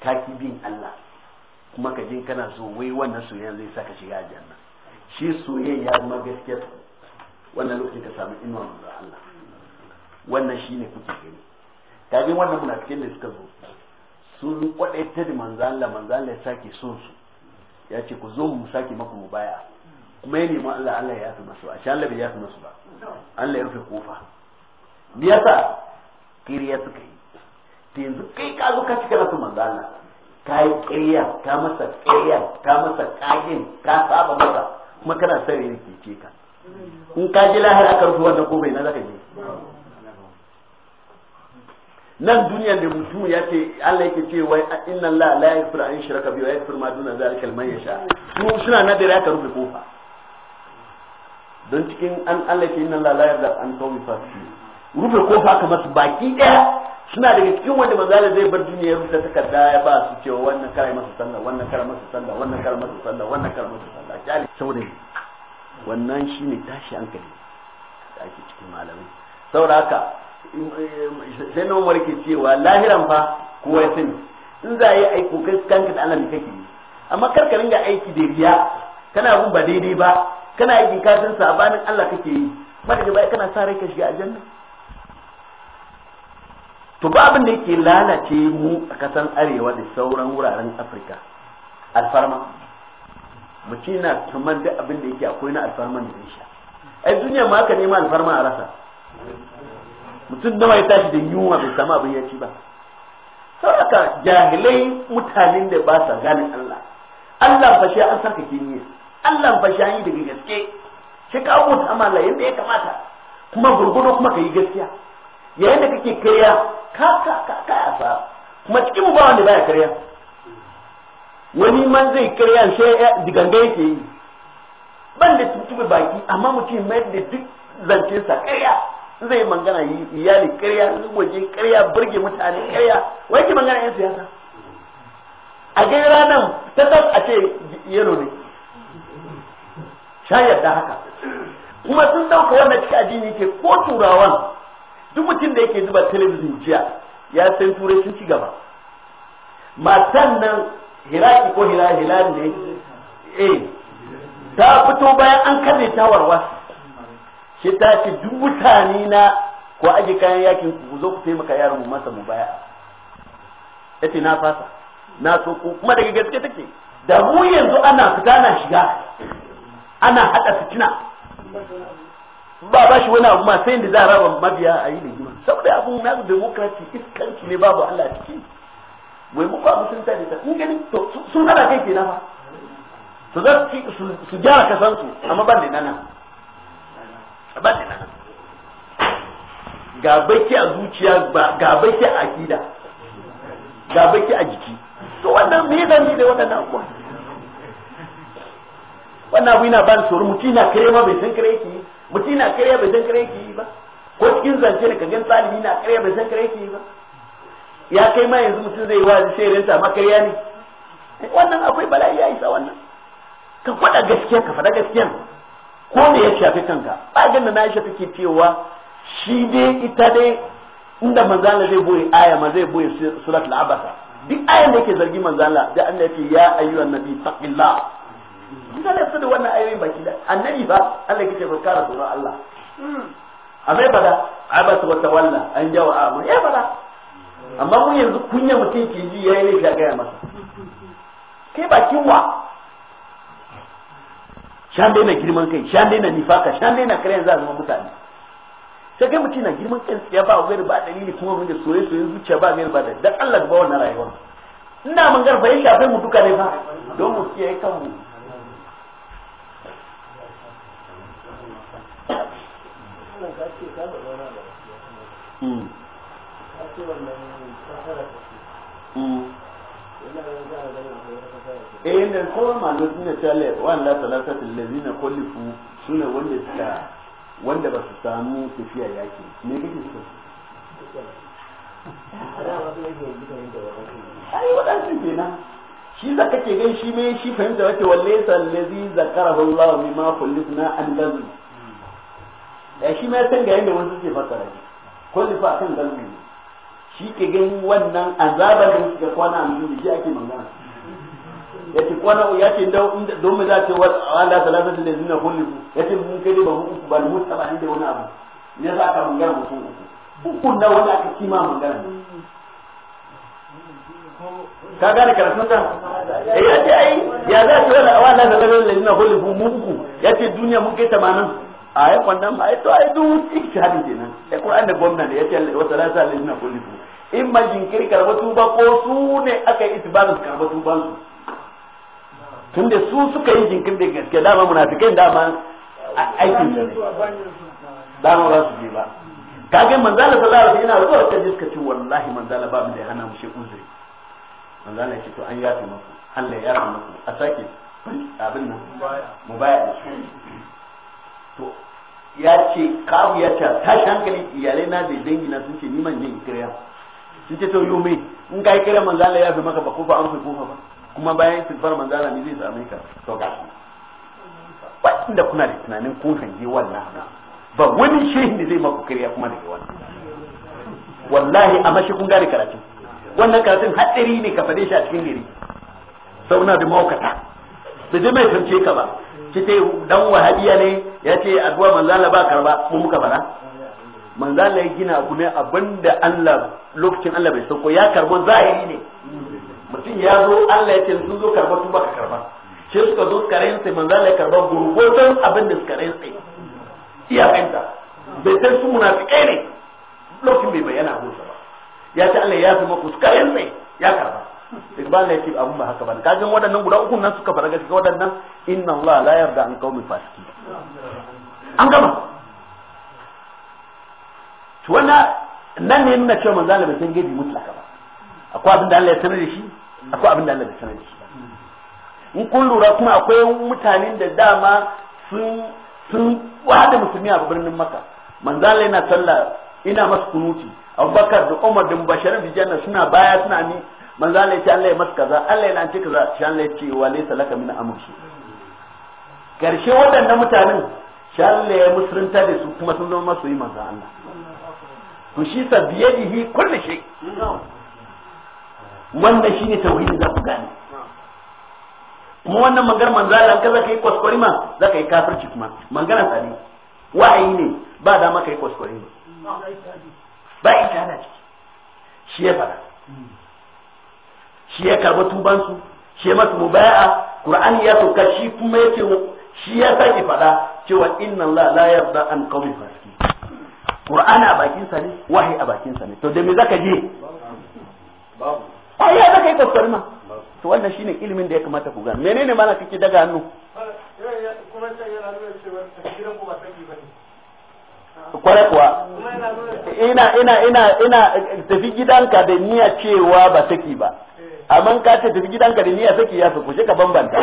ka ki bin Allah kuma ka jin kana so wai wannan soyayya zai saka shiga aljanna shi soyayya ya gaskiya wannan lokacin ka samu inuwa manzo Allah wannan shine kuke gani ka ji wannan munafikin da suka zo sun kwadaita da manzo Allah manzo Allah ya sake son su ya ce ku zo mu sake maku baya. kuma ya nemi Allah Allah ya yafi masu a sha Allah bai yafi masu ba Allah ya rufe kofa me yasa kiriya suka yi ta yanzu kai ka zo ka cika rasu manzo Allah ka yi kiriya ka masa kiriya ka masa kagin ka saba masa kuma kana sare ne ke ce ka in ka ji lahar aka rufe wannan ko bai na zaka je nan duniya da mutum ya ce Allah yake ce wai inna Allah la yaghfiru an shirka bihi wa yaghfiru ma duna zalika liman yasha su suna nadira ka rufe kofa don cikin an Allah ke nan lalayar da an kawo fasiki rufe kofa kamar masu baki daya suna daga cikin wanda manzala zai bar duniya rufe takarda ya ba su cewa wannan kara masu sanda wannan kara masu sanda wannan kara masu sanda wannan kara masa sallah kyale saboda wannan ne tashi hankali da ake cikin malamai saboda haka eh, sai na umar ke cewa lahiran fa kowa ya sani in za a yi aiko kai kanka da Allah ne kake yi amma kar ka ringa aiki da riya kana bin ba daidai ba kana yi kafin sa sabanin Allah kake yi ba daga kana sa rai ka shiga aljanna to ba abin da yake lalace mu a kasan arewa da sauran wuraren Afirka alfarma mu ce na kamar da abin da yake akwai na alfarma da sha ai duniya ma ka nema alfarma a rasa mutum da ya tashi da yunwa bai samu abin ya ci ba saboda jahilai mutanen da ba sa ganin Allah Allah fa shi an saka kimiyya Allah ba shayi daga gaske sai ka abu amala yadda ya kamata kuma gurgudu kuma ka yi gaskiya yayin da kake karya ka ka ka ka kuma cikin ba wanda baya karya wani man zai karya sai diganga yake yi ban da tuntube baki amma mutum mai da duk zance karya zai mangana yi iyali karya waje karya burge mutane karya wai ki mangana yan siyasa a gara nan ta a ce yelo ne ta yarda haka kuma sun dauka wannan cikin addini ke ko turawan duk mutum da yake zuba talabijin jiya ya san turai sun ci gaba matan nan hiraki ko hilal ne eh ta fito bayan an kalle ta warwa. shi ta ce duk mutane na ko aje kayan yakin ku zo ku taimaka yaron mu masa mu baya yace na fasa na so kuma daga gaske take da mu yanzu ana fita na shiga ana hada fitina ba ba shi wani abu ma sai da za a raba mabiya a yi rigima saboda abu na democracy iskanci ne babu Allah ciki wai muku abu sun tare ta kun gani to sun hada kai kenan fa to za su gyara kasan su amma ban da nana ban da nana ga baki a zuciya ga baki a akida ga baki a jiki to wannan me zan yi da wannan abubuwa wannan abu yana ba ni tsoro mutum na kare ma bai san kare yake yi mutum na kare bai san kare yake yi ba ko cikin zance ne ka gan na kare bai san kare yake yi ba ya kai ma yanzu mutum zai wazi sai rinsa ma kariya ne eh, wannan akwai bala'i ya isa wannan ka faɗa gaskiya ka faɗa gaskiya ko me ya shafi kanka ba da na shafi ke cewa shi dai ita dai inda manzala zai boye aya ma zai boye surat al-abasa duk ayan da yake zargi manzala da Allah ya ce ya ayyuhan nabi taqillah in da su da wannan ayoyin baki da annabi ba Allah yake ba kara tsoron Allah amma ba da abas wa tawalla an jawa amu ya ba amma mun yanzu kunya mutum ke ji yayi ne ga gaya masa kai ba wa shan daina girman kai shan daina nifaka shan daina kare yanzu a zama mutane sai kai mutum na girman kai ya ba gairi ba dalili kuma mun da soye soye zuciya ba gairi ba da dan Allah ba wannan rayuwa ina mun garba ya shafe mu duka ne fa don mu kiyaye kanmu Hmm. Hmm. eh da kowa malu suna cewa wa Allah salatatul ladina kullifu sune wanda suka wanda ba su samu tafiya yaki me kake so ai wadansu kenan shi za kake gan shi me shi fahimta wace walle sallazi zakarahu Allah mimma kullifna an bazu da hmm. eh, shi ma san ga yanda wasu ke fasara shi kulli kan galbi shi ke gani wannan azabar da suka kwana a mutum da shi ake magana yace kwana ce da don mu za ce wa Allah salatu da zina kulli yace mun kai ba mu ba mu saba inda wani abu ne za ka magana mutum uku na wani aka kima magana ka gane karatun ta eh, ya ce ai ya za ce wa Allah salatu da zina kulli mu uku yace duniya mun kai tamanin a yi wannan ba to ai duk ijtihadi kenan ai Qur'an da gwamna ne yace wa salatu alaihi na kullu in ma jinkiri karba tuba ko su ne aka yi itibarin karba tuban su da su suka yi jinkiri da gaske dama munafikai dama aikin su ne dama ba su je ba kage manzala sallallahu alaihi wasallam yana zuwa kaje suka ce wallahi manzala ba mu da hana mu shi uzuri manzala ce to an yafi muku Allah ya yafi maku a sake abin nan mubaya to ya ce kawo ya ce tashi hankali iyalai na da dangi na sun ce ni man yin kirya sun ce to yo me in kai kira manzala ya fi maka ba ko ba an fi kofa ba kuma bayan sifar manzala ne zai same ka to ga shi wanda kuna da tunanin kun hange wannan ba wani shehin da zai maku kiriya kuma da wannan wallahi a mashi kun gane karatu wannan karatun hatsari ne ka fade shi a cikin gari sauna da mawukata da je mai fance ka ba ce dan wahabiya ne ya ce addu'a manzala ba karba mu muka fara manzala ya gina abu ne abinda Allah lokacin Allah bai sauko ya karbo zahiri ne mutum ya zo Allah ya ce sun zo karba tun baka karba ce suka zo suka rayin sai manzala ya karba gurgurdan abin da suka rayin sai iyakanta bai san su fi ne lokacin bai bayyana gusa ba ya ce Allah ya fi maku suka rayin sai ya karba iqbal ne yake abun ba haka ba kajin waɗannan guda uku nan suka fara gaskiya waɗannan inna Allah la yarda an qaumi fasiki an gama to wannan nan ne nuna cewa manzo Allah bai san gidi mutlaka ba akwai abin da Allah ya sanar da shi akwai abin da Allah bai sanar da shi in kun lura kuma akwai mutanen da dama sun sun wada musulmi a birnin Makka manzo Allah yana sallah ina masu kunuti abubakar da umar da mubashirin da suna baya suna ni manzo ne ce Allah ya masa kaza Allah ya lance kaza shi Allah ya ce wa laysa laka min amshi karshe waɗannan mutanen shi Allah ya musulunta da su kuma sun zama masoyi manzo Allah to shi sa biyadihi kullu shay wannan shine tauhidin da ku gane kuma wannan magar manzo Allah kaza kai kwaskwari ma zaka yi kafirci kuma magana tsari wa'ayi ne ba dama kai kwaskwari ba ba ita da shi ya fara shi ya karba tubansu shi ya masu mubaya'a qur'ani ya sauka shi kuma yake shi ya sake faɗa cewa inna allaha la yarda an qawmi fasiki qur'ani a bakin sa ne wahayi a bakin sa ne to da me zaka je babu ai zaka yi kokari ma to wannan shine ilimin da ya kamata ku ga menene mana kike daga hannu kuma sai yana nuna cewa gidan ku ba sani bane kwarai kuwa ina ina ina ina tafi gidanka da niyya cewa ba saki ba amma ka ce tafi gidanka da niyya saki ya su kushe ka bambanta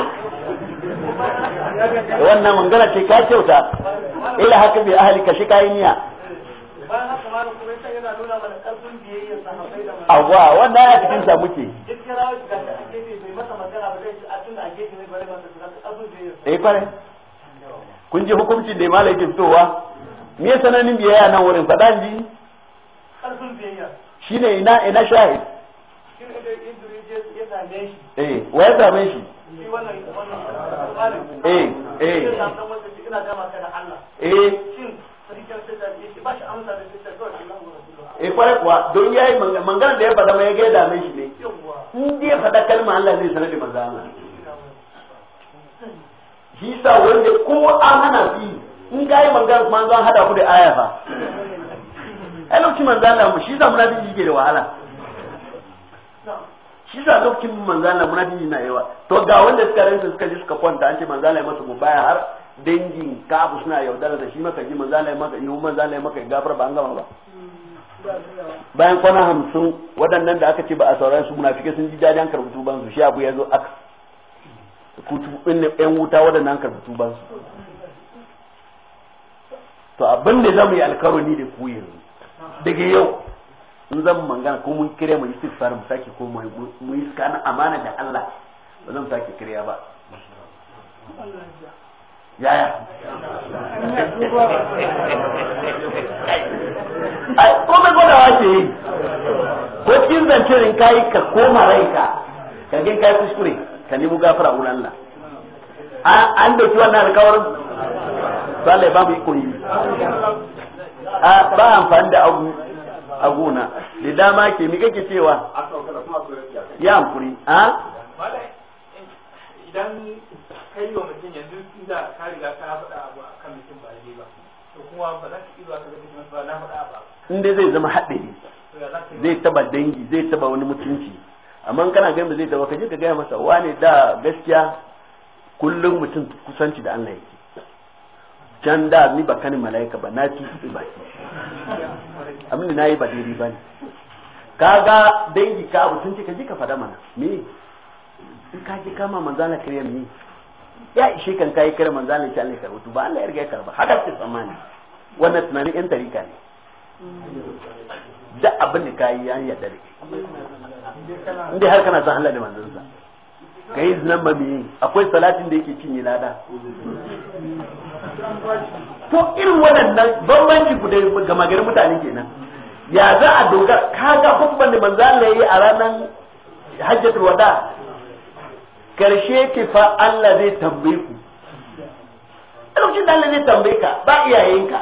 wannan mangana ce ka kyauta ila haka bai ahali ka shi kayi niyya awa wannan ya cikin sa muke eh kware kun ji hukuncin da malai ke fitowa me sananin biyayya nan wurin faɗan ji shine ina ina shahid eh wa ya same shi eh eh eh eh kwarai kuwa don ya yi mangana da ya faɗa ma ya ga ya dame shi ne in dai faɗa kalma Allah zai sanar da manzo Allah shi sa wanda ko an hana fi in ga yi mangana kuma an hada ku da aya fa ai lokacin manzo Allah mu shi sa bi ke da wahala shi sa lokacin manzala munafiki na yawa to ga wanda suka rinsa suka ji suka kwanta an ce manzan ya masa mu har dangin kafu suna yaudara da shi maka ji manzan ya maka yi manzan ya maka gafar ba an gama ba bayan kwana hamsin waɗannan da aka ce ba a sauran su munafike sun ji daɗi karbutu ban su shi abu ya zo aka kutu in yan wuta waɗannan karbutu ban su to abin da zamu yi ni da ku yanzu daga yau in zan mangana ko mun kire mu istighfar mu sake ko mu yi kana amana da Allah ba zan sake kiriya ba yaya ai komai gwadawa ke yi ko cikin zancirin kayi ka koma ranka ka gin kayi kuskure ka nemo gafara wurin Allah an dauki na alkawarin sallai ba mu iko yi ba amfani da abu a gona da dama ke mi kake cewa ya hankuri a idan kai wa mutum yanzu da ka riga ka faɗa abu a kan mutum ba daidai ba to kuma ba za ka iya ka zama ba na faɗa ba in dai zai zama haɗari zai taba dangi zai taba wani mutunci amma kana ganin zai taba kaje ka gaya masa wane da gaskiya kullum mutum kusanci da Allah yake can da ni ba kani mala'ika ba na ci baki abin na yi ba daidai ka kaga dangi ka abu tun ka ji ka fada mana me in ka ji kama manzana kariya me ya ishe kan kai kare manzana insha Allah karbu ba Allah ya riga ya karba haka ce tsammani wannan tunanin yan tarika ne da abin da kayi ya yarda da inda har kana san Allah da manzansa ka yi zinan me akwai salatin da yake cinye lada to irin waɗannan bambanci ku dai gama gari mutane kenan ya za a dogara kaga hukumar da manzo Allah yayi a ranar hajjatul wada karshe ki fa Allah zai tambaye ku lokacin da Allah zai tambaye ka ba iyayenka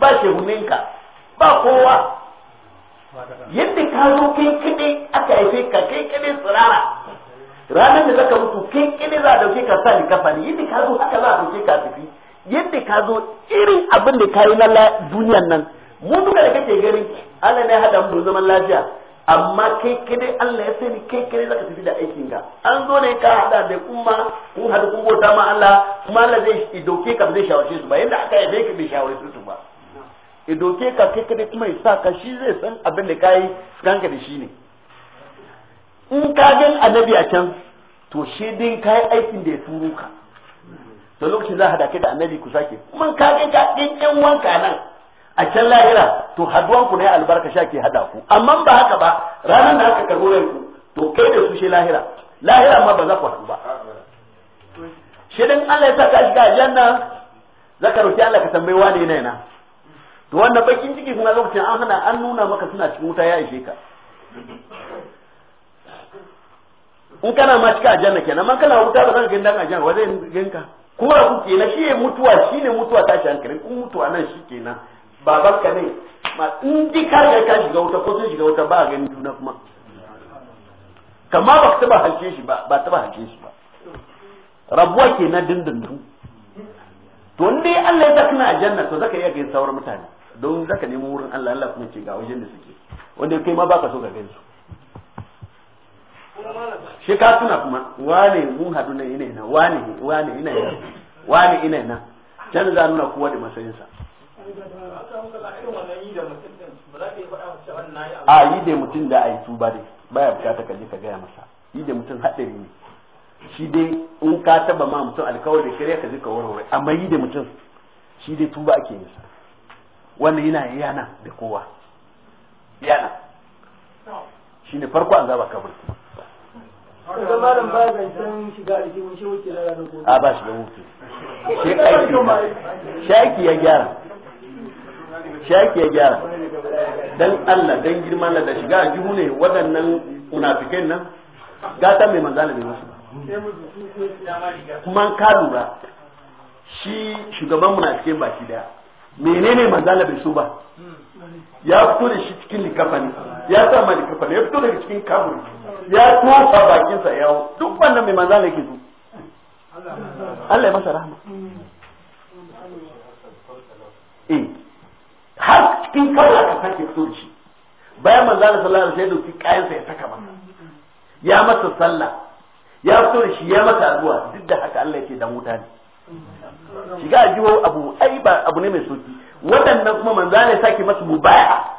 ba shehuninka ba kowa yadda ka zo kai kaɗai aka haife ka kai kaɗai tsirara ranar da zaka mutu kai kaɗai za a dauke ka sa ni kafa ne yadda ka zo haka za a dauke ka tafi yadda ka zo irin abin da ka yi na duniyan nan mu duka da kake gani Allah ne hada mu zaman lafiya amma kai kai Allah ya sani kai kai zaka tafi da aikin ka an zo ne ka hada da kuma kun hada kun bota ma Allah kuma Allah zai doke ka zai shawarce su ba yadda aka yabe ka bi shawarce su ba ya doke ka kai kai kuma isa sa ka shi zai san abin da yi ganka da shi ne in ka gan annabi a can to shi din kai aikin da ya turo ka da lokacin za a hada kai da annabi ku sake kuma ka ga ga ɗin wanka nan a can lahira to haduwan ku ne albarka sha ke hada ku amma ba haka ba ranar da aka karbo ku to kai da su shi lahira lahira ma ba za ku ba shi din Allah ya sa ka shiga aljanna zakaru ki Allah ka tambayi wane ne na to wannan bakin ciki kuma lokacin an hana an nuna maka suna cikin wuta ya ishe ka in kana ma cika janna kenan man kana wuta ba zan ga dan aljanna wa zai ganka kura ku kenan shi mutuwa shi ne mutuwa tashi hankali in mutuwa nan shi kenan baban ka ne ma in ji ka ga ka shiga wuta ko sun shiga wuta ba a ganin juna kuma kama ba ka taba halce shi ba ba taba halce shi ba rabuwa kenan dindindin to in dai Allah ya saka na aljanna to zaka iya ga sauran mutane don zaka nemi wurin Allah Allah kuma ce ga wajen da suke wanda kai ma baka so ka gani su shi ka tuna kuma wane mun hadu na ina ina wane wane ina ina wane ina ina can za nuna kowa da matsayinsa a yi da mutum da a yi tuba dai baya bukata ka je ka gaya masa yi da mutum haɗari ne shi dai in ka taba ma mutum alkawari da kare ka je ka warware amma yi da mutum shi dai tuba ake masa wannan yana yana da kowa yana shi ne farko an zaba kabur kuma kaga malam ba zancen shiga aljihun shi wuce da ranar gobe a ba shi da wuce shaki ya gyara shaki ya gyara dan Allah dan girman da shiga aljihu ne waɗannan munafikai nan gata mai manzala mai musu kuma ka lura shi shugaban munafikai baki daya menene manzala bai so ba ya fito da shi cikin likafani ya sa malikafa ya fito daga cikin kaburi ya tofa sa yawo duk wannan mai manzan yake zo Allah ya masa rahama eh har cikin kabla ka sake fito da shi bayan manzan Allah sallallahu alaihi wasallam sai sa ya saka masa ya masa sallah ya fito da shi ya masa addu'a duk da haka Allah ya ce dan wuta ne shiga ajiwo abu ai ba abu ne mai soki waɗannan kuma manzan ya sake masa mubaya'a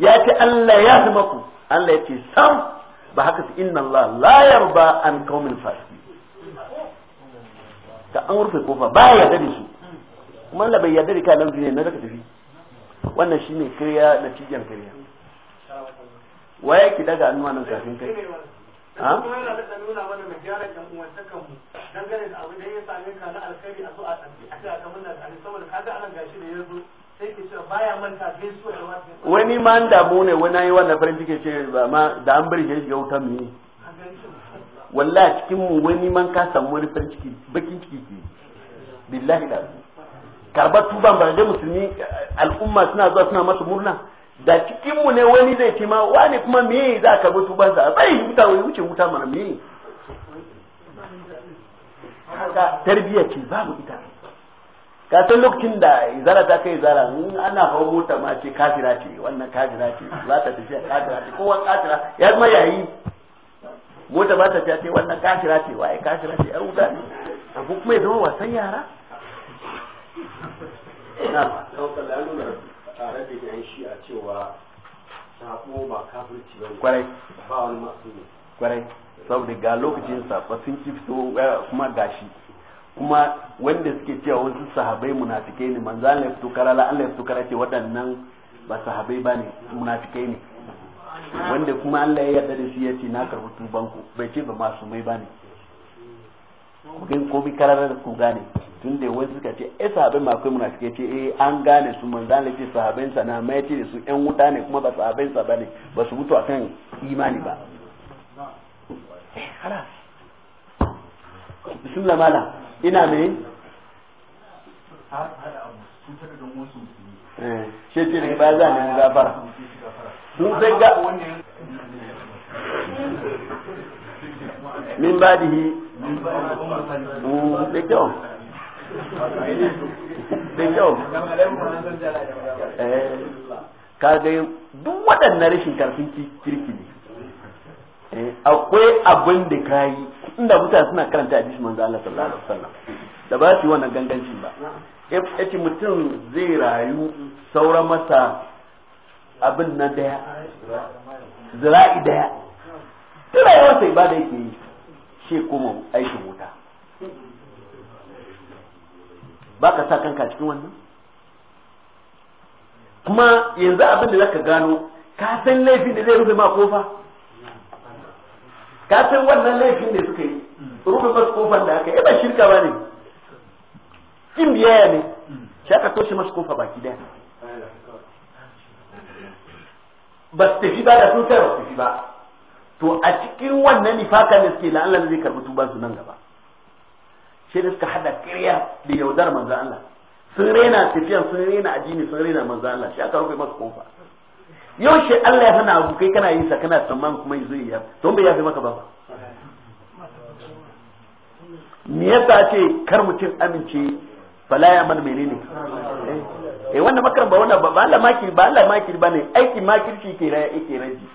ya ce Allah ya zama ku Allah ya ce sam ba haka su inna Allah layar ba an qaumin fasiki ta an rufe kofa ba ya yarda da su kuma Allah bai yarda da kana ne na daga tafi wannan shine kariya na cijan kariya waye ki daga annuwa nan kafin kai ha kuma yana da nuna mana mu gyara dan uwan sakan dangane da abin da ya same ka na alkhairi a so a tafi a ga kamar na saboda ga anan gashi da yazo wani ma an damu ne wani yi wannan farin ciki ce ba ma da an bari shi ga wuta mu ne wallahi cikin mu wani man ka samu wani farin ciki bakin ciki ke billahi da karbar tuban ba da musulmi al'umma suna zuwa suna masa murna da cikin mu ne wani zai ce ma wani kuma me za ka karbi tuban sa bai wuta wani wuce wuta mana me haka tarbiyya ce babu ita ka san lokacin da izara ta kai izara in ana hau mota ma ce kafira ce wannan kafira ce za ta tafiya kafira ce kowa kafira ya zama yayi mota ba ta tafiya ce wannan kafira ce waye kafira ce yar wuta ne abu kuma ya zama wasan yara na da a cewa sako ba kafirci ba kwarai ba wani masu kwarai saboda ga lokacin sa sun ci fito kuma gashi kuma wanda suke cewa wasu sahabai munafikai ne manzo Allah ya tukara karala Allah ya tukara ce waɗannan ba sahabai ba ne munafikai ne wanda kuma Allah ya yarda da shi ya ce na karɓi tuban ku bai ce ba masu mai ba ne ku gani ko bi karara ku gane tun da wasu suka ce eh sahabai ma akwai munafikai ce eh an gane su manzo Allah ce sahabai sa na mai ce su ƴan wuta ne kuma ba sahabai sa ba ne ba su mutu akan imani ba eh bismillah malam ina ne eh, shi ce ne ba za ne gafara mun sai ga min b'a badihi da mm, kyau da kyau eh, ka ga duk waɗannan rashin karfin kirki ne eh, akwai abin da ka yi inda mutane suna karanta hadisi manzo Allah sallallahu alaihi wasallam da ba shi wannan gangancin ba yace mutum zai rayu saura masa abin na daya zira'i daya tira yawan sai ibada yake yi shi kuma aiki wuta ba ka sa kanka cikin wannan kuma yanzu abin da zaka gano ka san laifin da zai rufe ma kofa kafin wannan laifin da suka yi rufe masu kofar da aka yi ban shirka ba ne kin biyaya ne shi aka toshe masu kofa baki daya ba su tafi ba da sun sai ba su tafi ba to a cikin wannan nifaka ne suke la'allan zai karbi tuban su nan gaba shi da suka hada kirya da yaudar manzo Allah sun rena tafiyan sun rena ajini sun rena manzo Allah shi aka rufe masu kofa yau shi Allah ya hana abu kai kana yin sa kana tsammanin kuma yanzu ya to bai yafi maka ba me yasa ce kar mutum amince fala ya man menene eh, eh wannan makaran ba wannan ba Allah maki ba Allah maki ba ne aiki makirci ke raya yake raji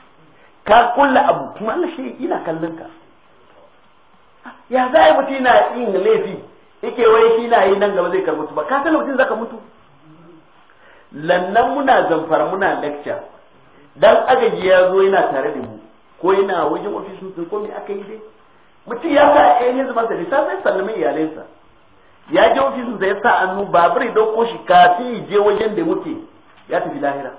ka kulla abu kuma Allah shi ina kallon ka ya zai mutum ina yin lafi yake wai shi na yi nan gaba zai karbi ba ka san mutum zaka mutu lannan muna zamfara muna lecture dan agaji ya zo yana tare da mu ko yana wajen ofisin su ko me aka yi dai mutum ya sa ainihin zubansa da sa sai sallame iyalinsa ya je ofisin sa ya sa annu babur ya dauko shi kafin je wajen da muke ya tafi lahira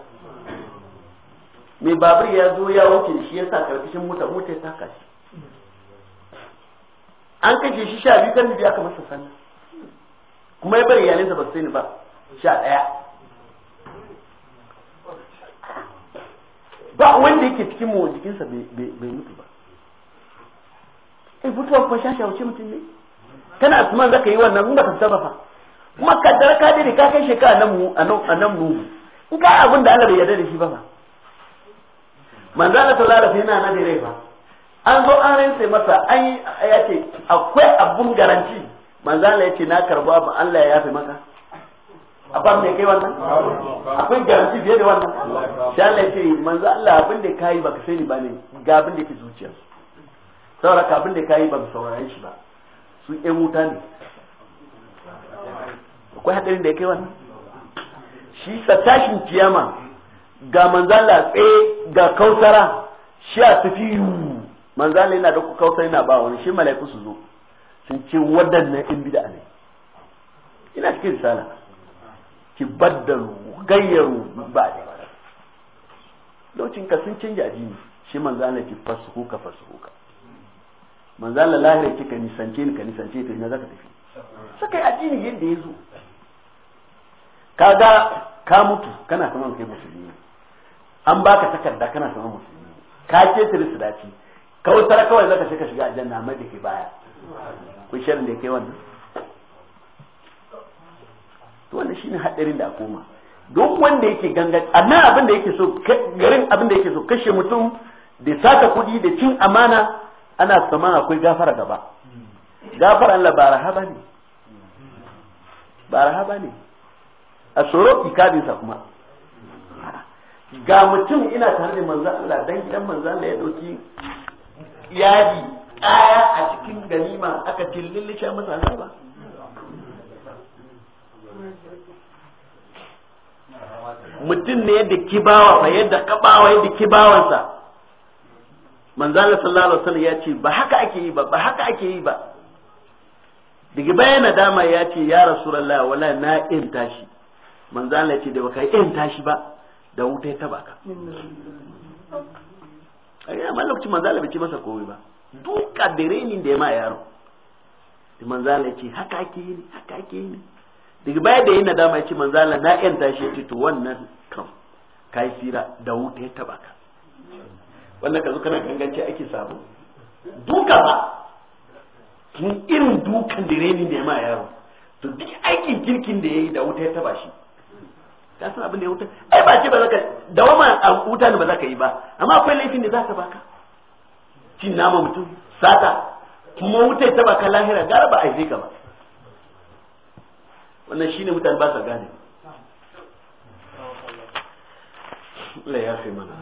mai babur ya zo ya wuce shi ya sa karkashin mota mota ya saka shi an kashe shi sha biyu kan biyu aka masa sannan kuma ya bari iyalinsa ba su ni ba sha ɗaya ba wanda yake cikin mu jikinsa bai mutu ba eh mutuwa kuma shasha wuce mutum ne kana asman zaka yi wannan mun ba ka sarrafa kuma ka kaddara ka dade ka kai shekara nan mu a nan mu in ka abin da Allah bai yarda da shi ba ba manzo Allah sallallahu alaihi wasallam yana da rai ba an zo an rinse masa an yace akwai abun garanti manzo Allah yace na karba ba Allah ya yafe maka abin da kai wannan akwai garanti fiye da wannan shi Allah ya ce manzo Allah abin da kai baka sani ba ne ga abin da ke zuciya saboda ka abin da kai baka saurare shi ba su ɗan wuta ne akwai hadarin da ya kai wannan shi sa tashin kiyama ga manzo Allah tsaye ga kautara shi a tafi manzo Allah yana da kautar yana ba wani shi mala'iku su zo sun ce waɗannan in bid'a ne ina cikin sana ki baddaru gayyaru ba da lokacin ka sun canja jini shi manzo Allah ki fasuhu ka fasuhu ka manzo Allah lahira ki ka nisance ni ka nisance to ina zaka tafi saka addini yadda ya zo kaga ka mutu kana kaman kai musulmi an baka takarda kana kaman musulmi ka ce tirisu dace kawai tara kawai zaka shiga aljanna mai da ke baya kun shirin da ke wannan to wannan shine hadarin da a koma duk wanda yake ganga annan abin da yake so garin abin da yake so kashe mutum da sata kuɗi da cin amana ana tsammanin akwai gafara gaba gafara Allah ba rahaba ne ba rahaba ne a tsoro sa kuma ga mutum ina tare da manzo Allah dan gidan manzo Allah ya dauki yadi kaya a cikin ganima aka tilillisha masa azaba mutum ne yadda kibawa fa yadda kabawa yadda kibawansa manzo Allah sallallahu alaihi wasallam ya ce ba haka ake yi ba ba haka ake yi ba daga bayan nadama ya ce ya rasulullahi wala na in tashi manzo Allah ya ce da baka in tashi ba da wuta ta baka ai amma lokacin manzo Allah bai ce masa komai ba duka da renin da ya ma yaro manzo Allah ya ce haka ake yi haka ake yi daga baya da yi nadama ya ce manzala na yanta tashi ya to wannan kam ka yi sira da wuta ya taba ka wannan ka zo kana gangance ake samu duka ba tun irin dukan da reni da ya ma yaro to duk aikin kirkin da ya yi da wuta ya taba shi ka san abin da ya wuta ai ba ce ba da wama a wuta ne ba ka yi ba amma akwai laifin da ka baka cin nama mutum sata kuma wuta ya taba ka lahira gara ba a yi ka ba wannan shine mutane ba sa gane Allah ya fi mana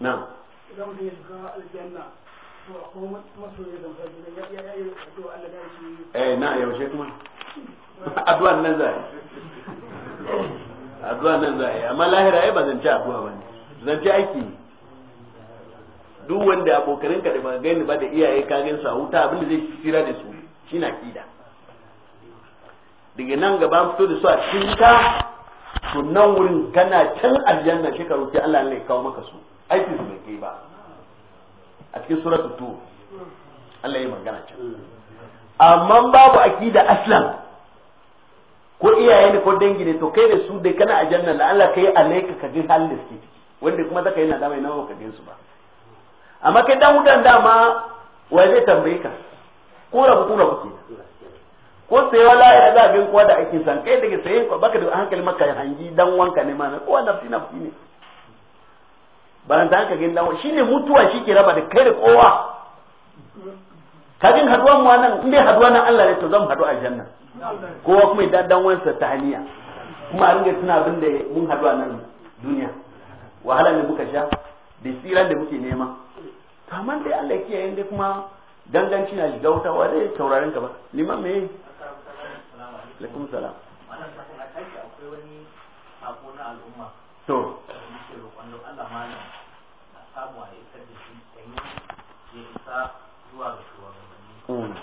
na eh na ya yi shi eh, na kuma addu'a nan za a addu'a nan za a amma lahira ai ba zance addu'a ba ne zance aiki duk wanda abokanin ka da ba gani ba da iyaye ka gan su a wuta abin da zai tsira da su shi na kida daga nan gaba fito da su a cikin ta to nan wurin kana can aljanna shi ka Allah ne kawo maka su aiki su bai kai ba a cikin suratul tu Allah ya magana can amma babu akida aslam ko iyaye ne ko dangi ne to kai da su dai kana aljanna da Allah kai alaika ka kaji halin da suke wanda kuma zaka yi nadama ina ka su ba amma kai dan wudan dama wai zai tambaye ka ko rabu ko rabu kenan ko sai wala ya za bin kowa da ake san kai daga sai ko baka da hankali maka hangi dan wanka ne ma kowa nafsi nafsi ne baran da hankali dan shine mutuwa shi ke raba da kai da kowa kajin haduwan mu nan in dai haduwa nan Allah ne to zan hadu a janna kowa kuma idan dan wansa ta haniya kuma a ringa tuna abin da mun haduwa nan duniya wahala ne muka sha da tsiran da muke nema to amma dai Allah ya kiyaye dai kuma ganganci na shiga wuta wa zai taurarin ka ba liman me alaikum salam wannan kafin a tashi akwai wani sako na al'umma to yake roƙon don Allah malam a samu a isar da shi yi ya isa zuwa ga shugabanni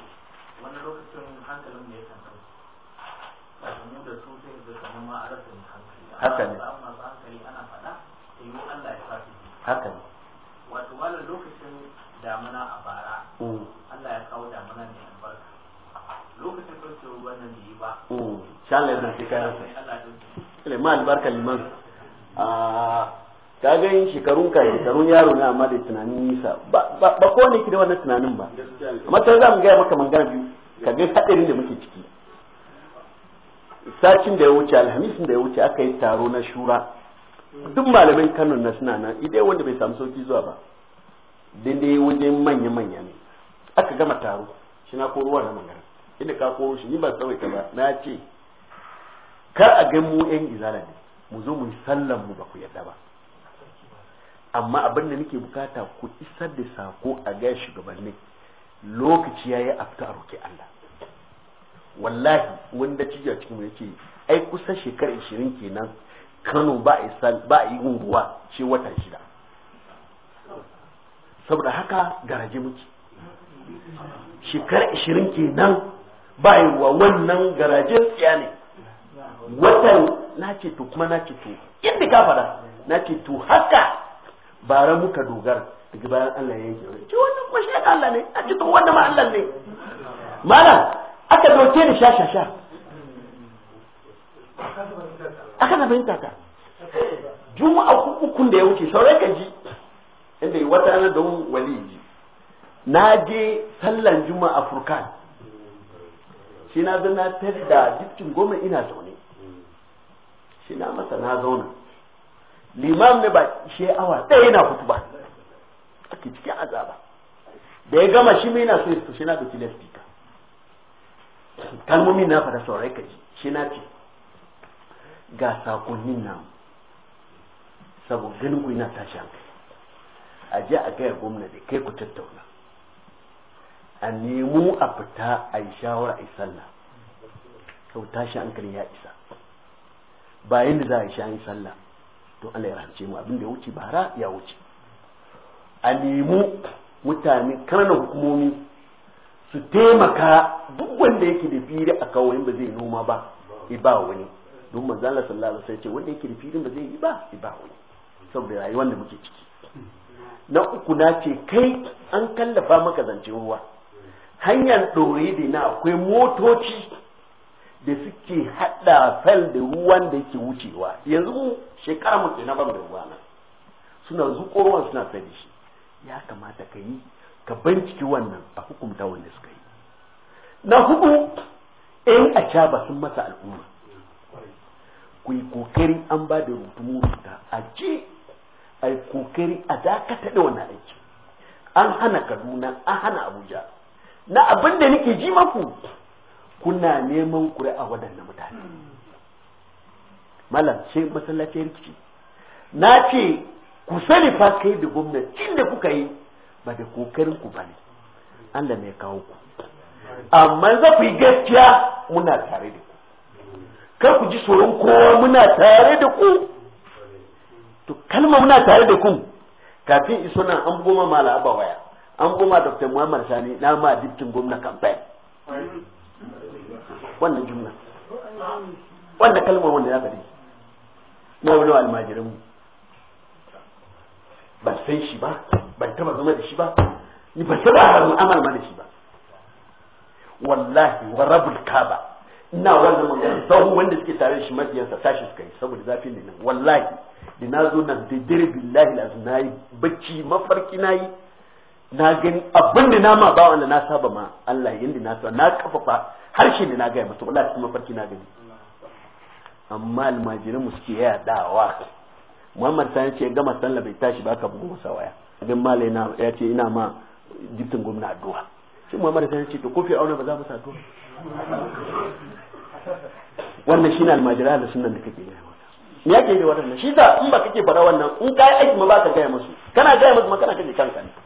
wani lokacin hankalin da ya kan kai kafin mu da su sai da kamar ma a rasa hankali haka ne masu hankali ana faɗa sai yi Allah ya sa su haka ne Allah yana shi kayan sai Allah ma albarka liman ah, ka ga yin shekarun ka shekarun yaro na amma da tunanin nisa ba ko ne ki da wannan tunanin ba amma ta za mu gaya maka magana biyu ka ga hadarin da muke ciki sacin da ya wuce alhamisin da ya wuce aka yi taro na shura duk malamin kano na suna nan idai wanda bai samu sauki zuwa ba daidai wajen manya-manya ne aka gama taro shi na koruwa na magana inda ka koro shi ni ba tsawai ka ba na ce kar a ga mu yan izala ne mu zo mu sallan mu ba ku yadda ba amma abin da nake bukata ku isar da sako a ga shugabanni lokaci yayi yi a roki Allah wallahi wanda a cikin mu yake ai kusan shekara 20 kenan Kano ba a ba yi unguwa ce wata shida saboda haka garaje muke shekara 20 kenan ba yi wa wannan garajen tsiya ne watan na ce to kuma na ce to inda ka fada na ce to haka bara muka dogar daga bayan Allah ya yanke wani ce wannan kuma shi Allah ne a ce to wanda ma Allah ne malam aka dauke da sha sha sha aka na fahimta ka juma'a ukun da ya wuce saurai ka ji inda yi wata na don wali ji na je sallan juma'a furkan shi na zana tar da dukkin goma ina zaune shi na masa na zauna limam ne ba shi awa ɗaya yana kutuba ake cikin azaba da ya gama shi mai na so ya shi na da tilas fika kalmomin na fara saurai ka ji shi na ce ga sakonnin nan saboda ganin ku ina tashi hankali a je a gaya gwamnati kai ku tattauna a nemo a fita a yi shawara a yi sallah sau tashi hankali ya isa ba inda za a sha yin sallah to Allah ya rahance mu abin da ya wuce bara ya wuce a nemi mutane kananan hukumomi su taimaka duk wanda yake da fili a kawai ba zai noma ba ba wani don manzo Allah sallallahu alaihi wasallam ce wanda yake da filin ba zai yi ba ba wani saboda rayuwar da muke ciki na uku na ce kai an kallafa maka zancen ruwa hanyar ɗore da na akwai motoci da suke hada fel da ruwan da yake wucewa yanzu shekara mu na ban da ruwa nan suna zuko ruwan suna sai shi ya kamata ka yi ka binciki wannan a hukumta wanda suka yi na hudu in a ba sun masa al'umma ku yi kokarin an ba da rutumu a ji a yi kokari a dakata da wannan aiki an hana kaduna an hana abuja na abin da nake ji maku kuna neman a waɗannan mutane malam shi masallacin rikici na ce ku sani fa kai da gwamnati da kuka yi ba da kokarin ku bane Allah mai kawo ku amma za ku yi gaskiya muna tare da ku kar ku ji tsoron kowa muna tare da ku to kalma muna tare da ku kafin iso nan an goma mala abawaya an goma dr muhammad sani na ma diptin gwamna campaign wannan jumla wannan kalmar wanda ya faɗi na wani almajirin mu ban san shi ba ban taba zama da shi ba ni ban taba har amal ma da shi ba wallahi wa rabul kaba ina wannan magana sahu wanda suke tare da shi mabiyansa tashi suka yi saboda zafi ne nan wallahi da na zo nan da dare billahi lazim nayi bacci mafarki yi. na gani abin da ma ba wanda na saba ma Allah yanda na saba na kafafa harshe da na gaya masu wallahi cikin mafarki na gani amma almajirin mu suke yadawa Muhammad sai ce gama sallah bai tashi ba ka bugu masa waya abin malai na ya ce ina ma diptin gwamna addu'a shi Muhammad sai ce to kofi auna ba za mu sa addu'a wannan shine almajira da sunan da kake yi me yake da wannan shi da in ba kake fara wannan in kai aiki ma ba ka gaya musu kana gaya musu ma kana kaje kanka ne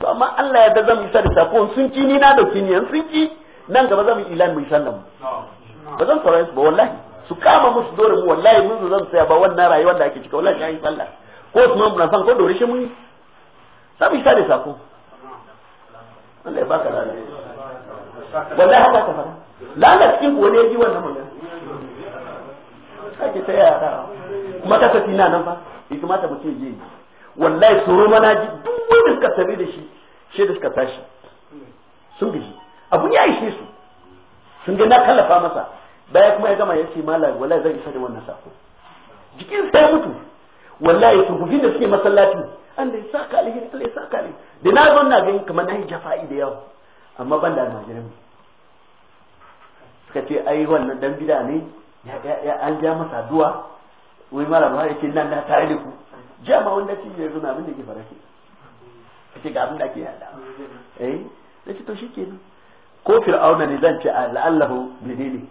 to amma Allah ya da zan isa da sakon sun ci ni na dauki ni sun ci nan gaba zan yi ilan mai sannan mu ba zan saurare su ba wallahi su kama musu dore mu wallahi mun zan tsaya ba wannan rayuwar da ake cika wallahi yayi sallah ko Usman mun san ko dore shi mun Sabu isa da sakon Allah ya baka da wallahi haka ka fara lana cikin ku wani ya ji wannan magana kake ta yara kuma ta tafi nan fa ya kamata mutum ya je wallahi tsoro mana ji duk da suka sami da shi shi da suka tashi sun gaji abun ya ishe su sun ga na kallafa masa baya kuma ya gama ya ce malam wallahi zan isa da wannan sako jikin sai mutu wallahi tufufin da suke masallaci an da isa kali ya ya sa kali da na zo na gani kamar yi jafa'i da yawa amma ban da almajirin suka ce ai wannan dan bida ne ya an ja masa duwa wai ba ya ce nan na tare da ku jiya ma wanda ke yanzu na mini ke fara ke ga abin da ke yada eh da shi to shi ke ko fir'auna ne zan ce la'allahu menene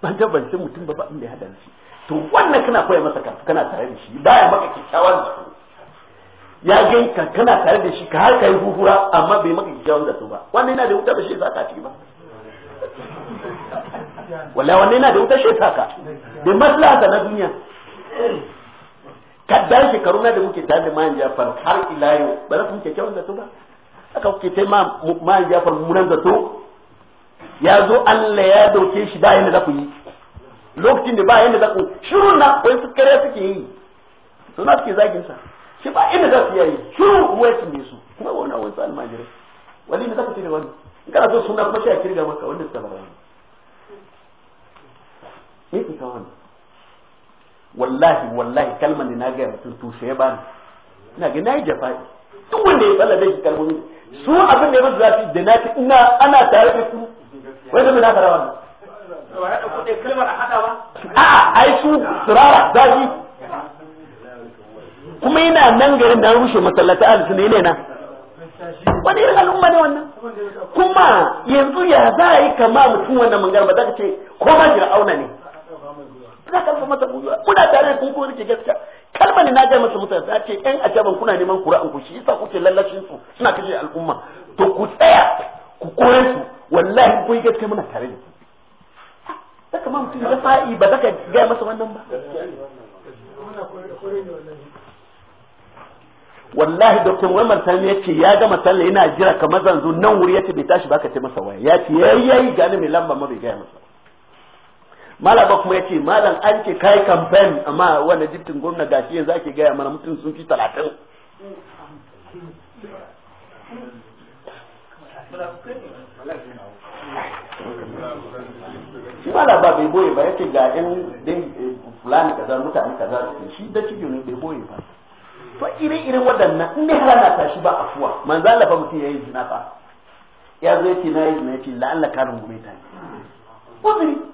ban tabbacin mutum ba ba inda ya hada shi to wannan kana koya masa ka kana tare da shi baya maka kyakkyawan zato ya gani ka kana tare da shi ka har kai huhura amma bai maka kyakkyawan zato ba wanne yana da wuta ba shi sa ka ciki ba wallahi wanne yana da wuta shi sa ka da maslaha na duniya kaddan shekaru na da muke tare da mayan jafar har ila yau ba za ku muke kyawun zato ba aka kuke ta mayan jafar munan zato ya zo Allah ya dauke shi da yadda za ku yi lokacin da ba yadda za ku shiru na wai su kare suke yi na suke zagin sa shi ba inda za su yi shiru kuma ya cinye su kuma wannan wani sa'al majirai wani ne za ku cire wani in kana so suna kuma shi a kirga maka wanda suka bara ne me ke kawo wannan wallahi wallahi kalmar da na gaya mutum tushe ya bani ina ga nayi jafa'i duk wanda ya tsalla da shi kalmomi su abin da ya musu zafi da na ina ana tare da su wai da na fara wannan a'a ai su surara zafi kuma yana nan garin da an rushe masallata a ne ne na wani irin al'umma ne wannan kuma yanzu ya za a yi kama mutum wannan mangar ba za ka ce ko ma jira auna ne za ka rasa mata gwiwa kuna tare da kuma rike gaskiya kalmar na ga masa mutane ta ce yan ajaban kuna neman kura'an ku shi yasa kuke lallashin su suna kashe al'umma to ku tsaya ku kore su wallahi kun gaskiya muna tare da su saka ma mutum ya fa'i ba zaka ga masa wannan ba wallahi doktor wai sani ya ce ya gama sallah yana jira kamar zanzu nan wuri ya ce bai tashi ba ka ce masa waya ya ce yayi yayi gani mai lamba ma bai gaya masa malaba ba kuma yace malam an ce kai campaign amma wannan jiftin gwamna gashi yanzu ake gaya mana mutum sun fi talatin shi malam ba bai boye ba yace ga in din eh, fulani kaza mutane kaza shi da cikin bai boye ba to irin irin waɗannan in dai halala ta shi ba afuwa manzo Allah fa mutum yayin zina fa ya zo yace na yi zina yace la'alla karin gumeta ta uzuri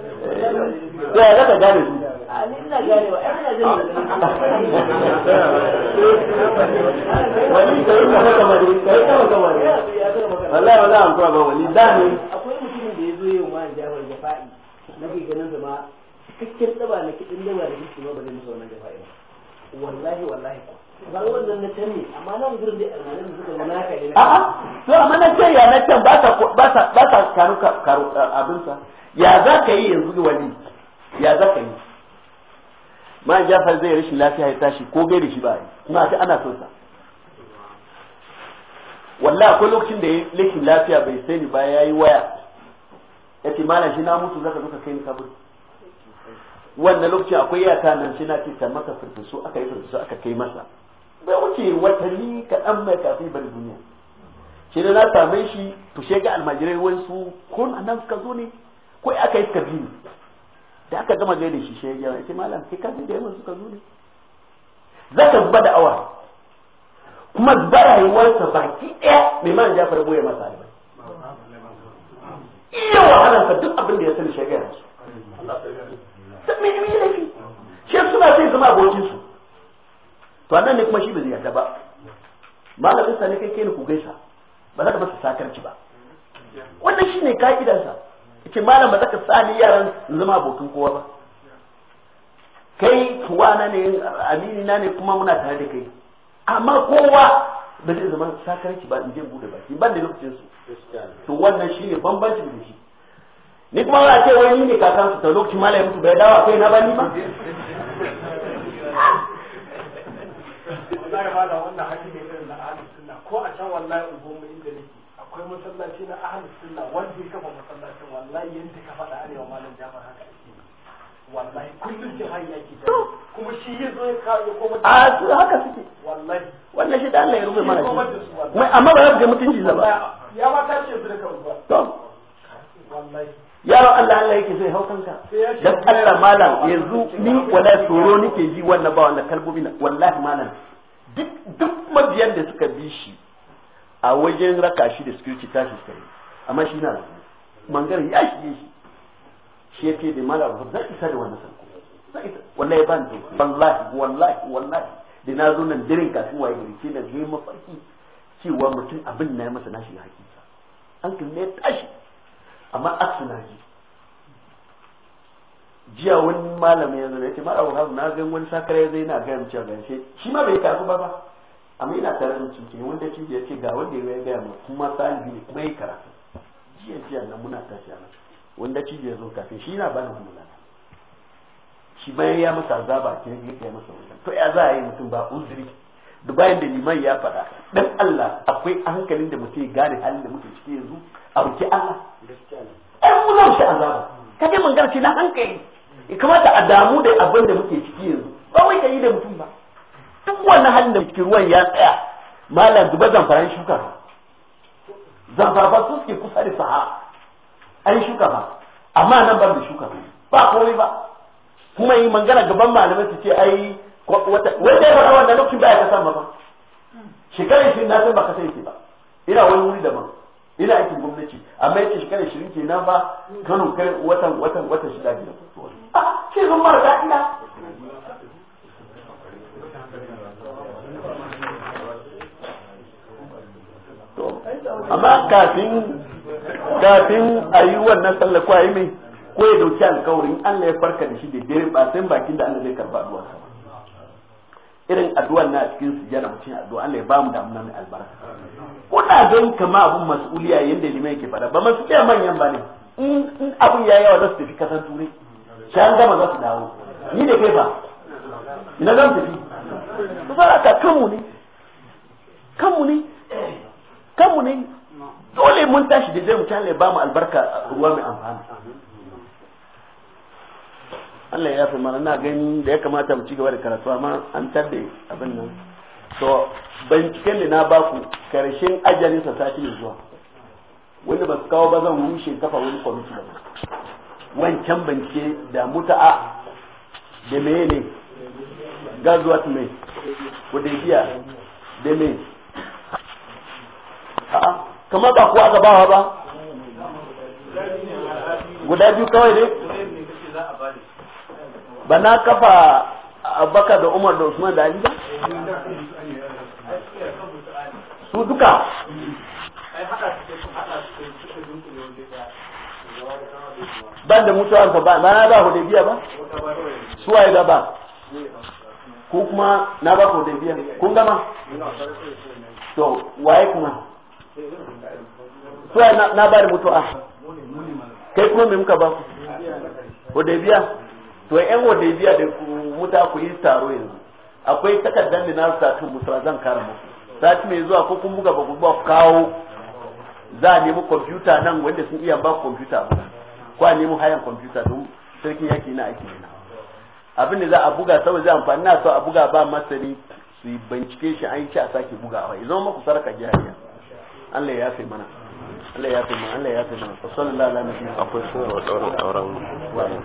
to ya zaka gane su wani kai ka haka mare kai ka haka mare wallahi wallahi an kuma ba wani da ne akwai mutumin da ya zo yin wani jawar jafa'i ke ganin zama cikin daba na kidin daba da ma ba zai masa wannan jafa'i ba wallahi wallahi ba wannan na can ne amma nan gurin da almanin da suka zama haka ne a'a to amma na can ya na can ba sa ba sa karu abin sa ya za ka yi yanzu ga wani ya za ka yi ma jafar zai rashin lafiya ya tashi ko gai da shi ba kuma sai ana son sa wallahi akwai lokacin da rashin lafiya bai sani ba ya yi waya ya ce malam shi na mutu zaka zo ka kai ni kabur wannan lokacin akwai yata nan shi na ce ta maka furfusu aka yi furfusu aka kai masa bai wuce watanni kaɗan mai kafin bari duniya shi da na same shi tushe ga almajirai wasu kun nan suka zo ne ko aka yi kabini da aka gama zai da shi shi ya ce malam kai kafin da yawan suka zo ne za ka zuba da awa kuma zuba rayuwarsa baki ɗaya mai mana jafar goya masa alibai iya wahalarsa duk abin da ya sani shi ya gaya su sun mai yi laifi shi suna sai zama abokinsu to annan ne kuma shi ba zai yarda ba malamin sa ne kai kai ku gaisa ba za ka masa sakarci ba wannan shine ka'idansa ce malam ba zaka sani yaran zama abokin kowa ba kai kuwa na ne amini na ne kuma muna tare da kai amma kowa ba zai zama sakarci ba in je bude baki ban da lokacin su to wannan shine bambancin da shi ni kuma ba ce wani ne kakan su ta lokacin malam mutu bai dawo kai na ba ni ba wallahi malam wannan hadisi ne irin na ahlus sunna ko a can wallahi ubun mu inda nake akwai masallaci na ahlus sunna wanda ya kafa wallahi yanda ka faɗa arewa malam jafar haka wallahi kullum sai hayya ki kuma shi ya zo ya kawo ko a su haka suke wallahi wannan shi da Allah ya rufe mana wai amma ba za ga mutunci sa ba ya ma ta ce zira kan ba to wallahi yaro Allah Allah yake so ya hau kanka dan Allah malam yanzu ni wallahi tsoro nake ji wannan ba wannan kalbobi na wallahi malam duk duk mabiyan da suka bi shi a wajen raka shi da security tashi suka yi amma shi na mangaren ya shige shi shi yake da mala ba zai isa da wannan sarko wallahi ban zo wallahi wallahi wallahi da na zo nan dirin kafin waye gari ce na zai mafarki cewa mutum abin na masa na shiga hakinsa an kan ne tashi amma aksuna na ji jiya wani malami ya zama ya ce mara wahabu na ga wani sakare zai na ga yanzu ga gaishe. shi ma bai karatu ba ba amma ina tare da cikin wanda ke ya ce ga wanda ya gaya ma kuma salibi ne kuma yi karatu jiya jiya nan muna tashi a nan wanda ciji ya zo kafin shi na bani hula na shi bayan ya masa azaba ke ya masa wuta to ya za a yi mutum ba uzuri da bayan da liman ya faɗa dan Allah akwai hankalin da mutum ya gane halin da muke ciki yanzu a roki Allah ai mu za shi azaba ka je mun garci na hankali ya kamata a damu da abin da muke ciki yanzu ba wai kai da mutum ba duk wannan halin da cikin ruwan ya tsaya malam zuba zan zamfaran shuka zambaba su suke kusa da saha an shuka ba amma nan ban da shuka ba komai ba kuma yi mangana gaban malamai su ce ai wata yi wata wanda lokacin baya ka san ba shekarar shi na san ba ka san yake ba ina wani wuri daban ina aikin gwamnati amma yake shekarar shirin nan ba kano kai watan watan watan shida biyar a ce zan mara daɗi amma kafin kafin a yi wannan sallah ko a yi mai ko ya dauki alkawarin Allah ya farka da shi da dare ba sai bakin da Allah zai karba addu'a irin addu'a na cikin su sujjada mutum addu'a Allah ya bamu damuna mai albarka kuna don kama abun mas'uliya yanda limai yake fara ba mas'uliya manyan ba ne in abun ya yawa za su tafi kasan turai shan gama za su dawo ni da kai fa ina zan tafi to ba ka kanmu ne kanmu ne kanmu ne dole mun tashi da zai mu ba mu albarka ruwa mai amfani Allah ya fi mana na gani da ya kamata mu ci gaba da karatu amma an tarde abin nan to binciken da na baku karshen ajalin sa sati ne zuwa wanda ba su kawo ba zan rushe kafa wani kwamiti ba wancan bincike da muta'a da meye ne gazuwat mai kudebiya da mai a'a kamar ba kuwa gabawa ba guda biyu kawai ne ba na kafa abaka da umar da usman da ba su duka ban da mutuwar ba ba na ba biya ba su waye ba ko kuma na ba biya kun gama to waye kuma suwa na ba da mutuwa kai kuma mai muka ba ku hudaybiya to yan hudaybiya da ku muta ku yi taro yanzu akwai takardar da na sati musa zan kara muku sati mai zuwa ko kun buga ba ku ba kawo za a nemi kwamfuta nan wanda sun iya ba kwamfuta ba ko a nemi hayan kwamfuta don sarkin yaki na aiki na abin da za a buga saboda zai amfani na so a buga ba masani su bincike shi an yi ci a sake bugawa ya zama maku sarka jihar yanzu Allah ya fi mana Allah ya fi mana Allah ya fi mana sallallahu alaihi wa sallam akwai sunan dauran auren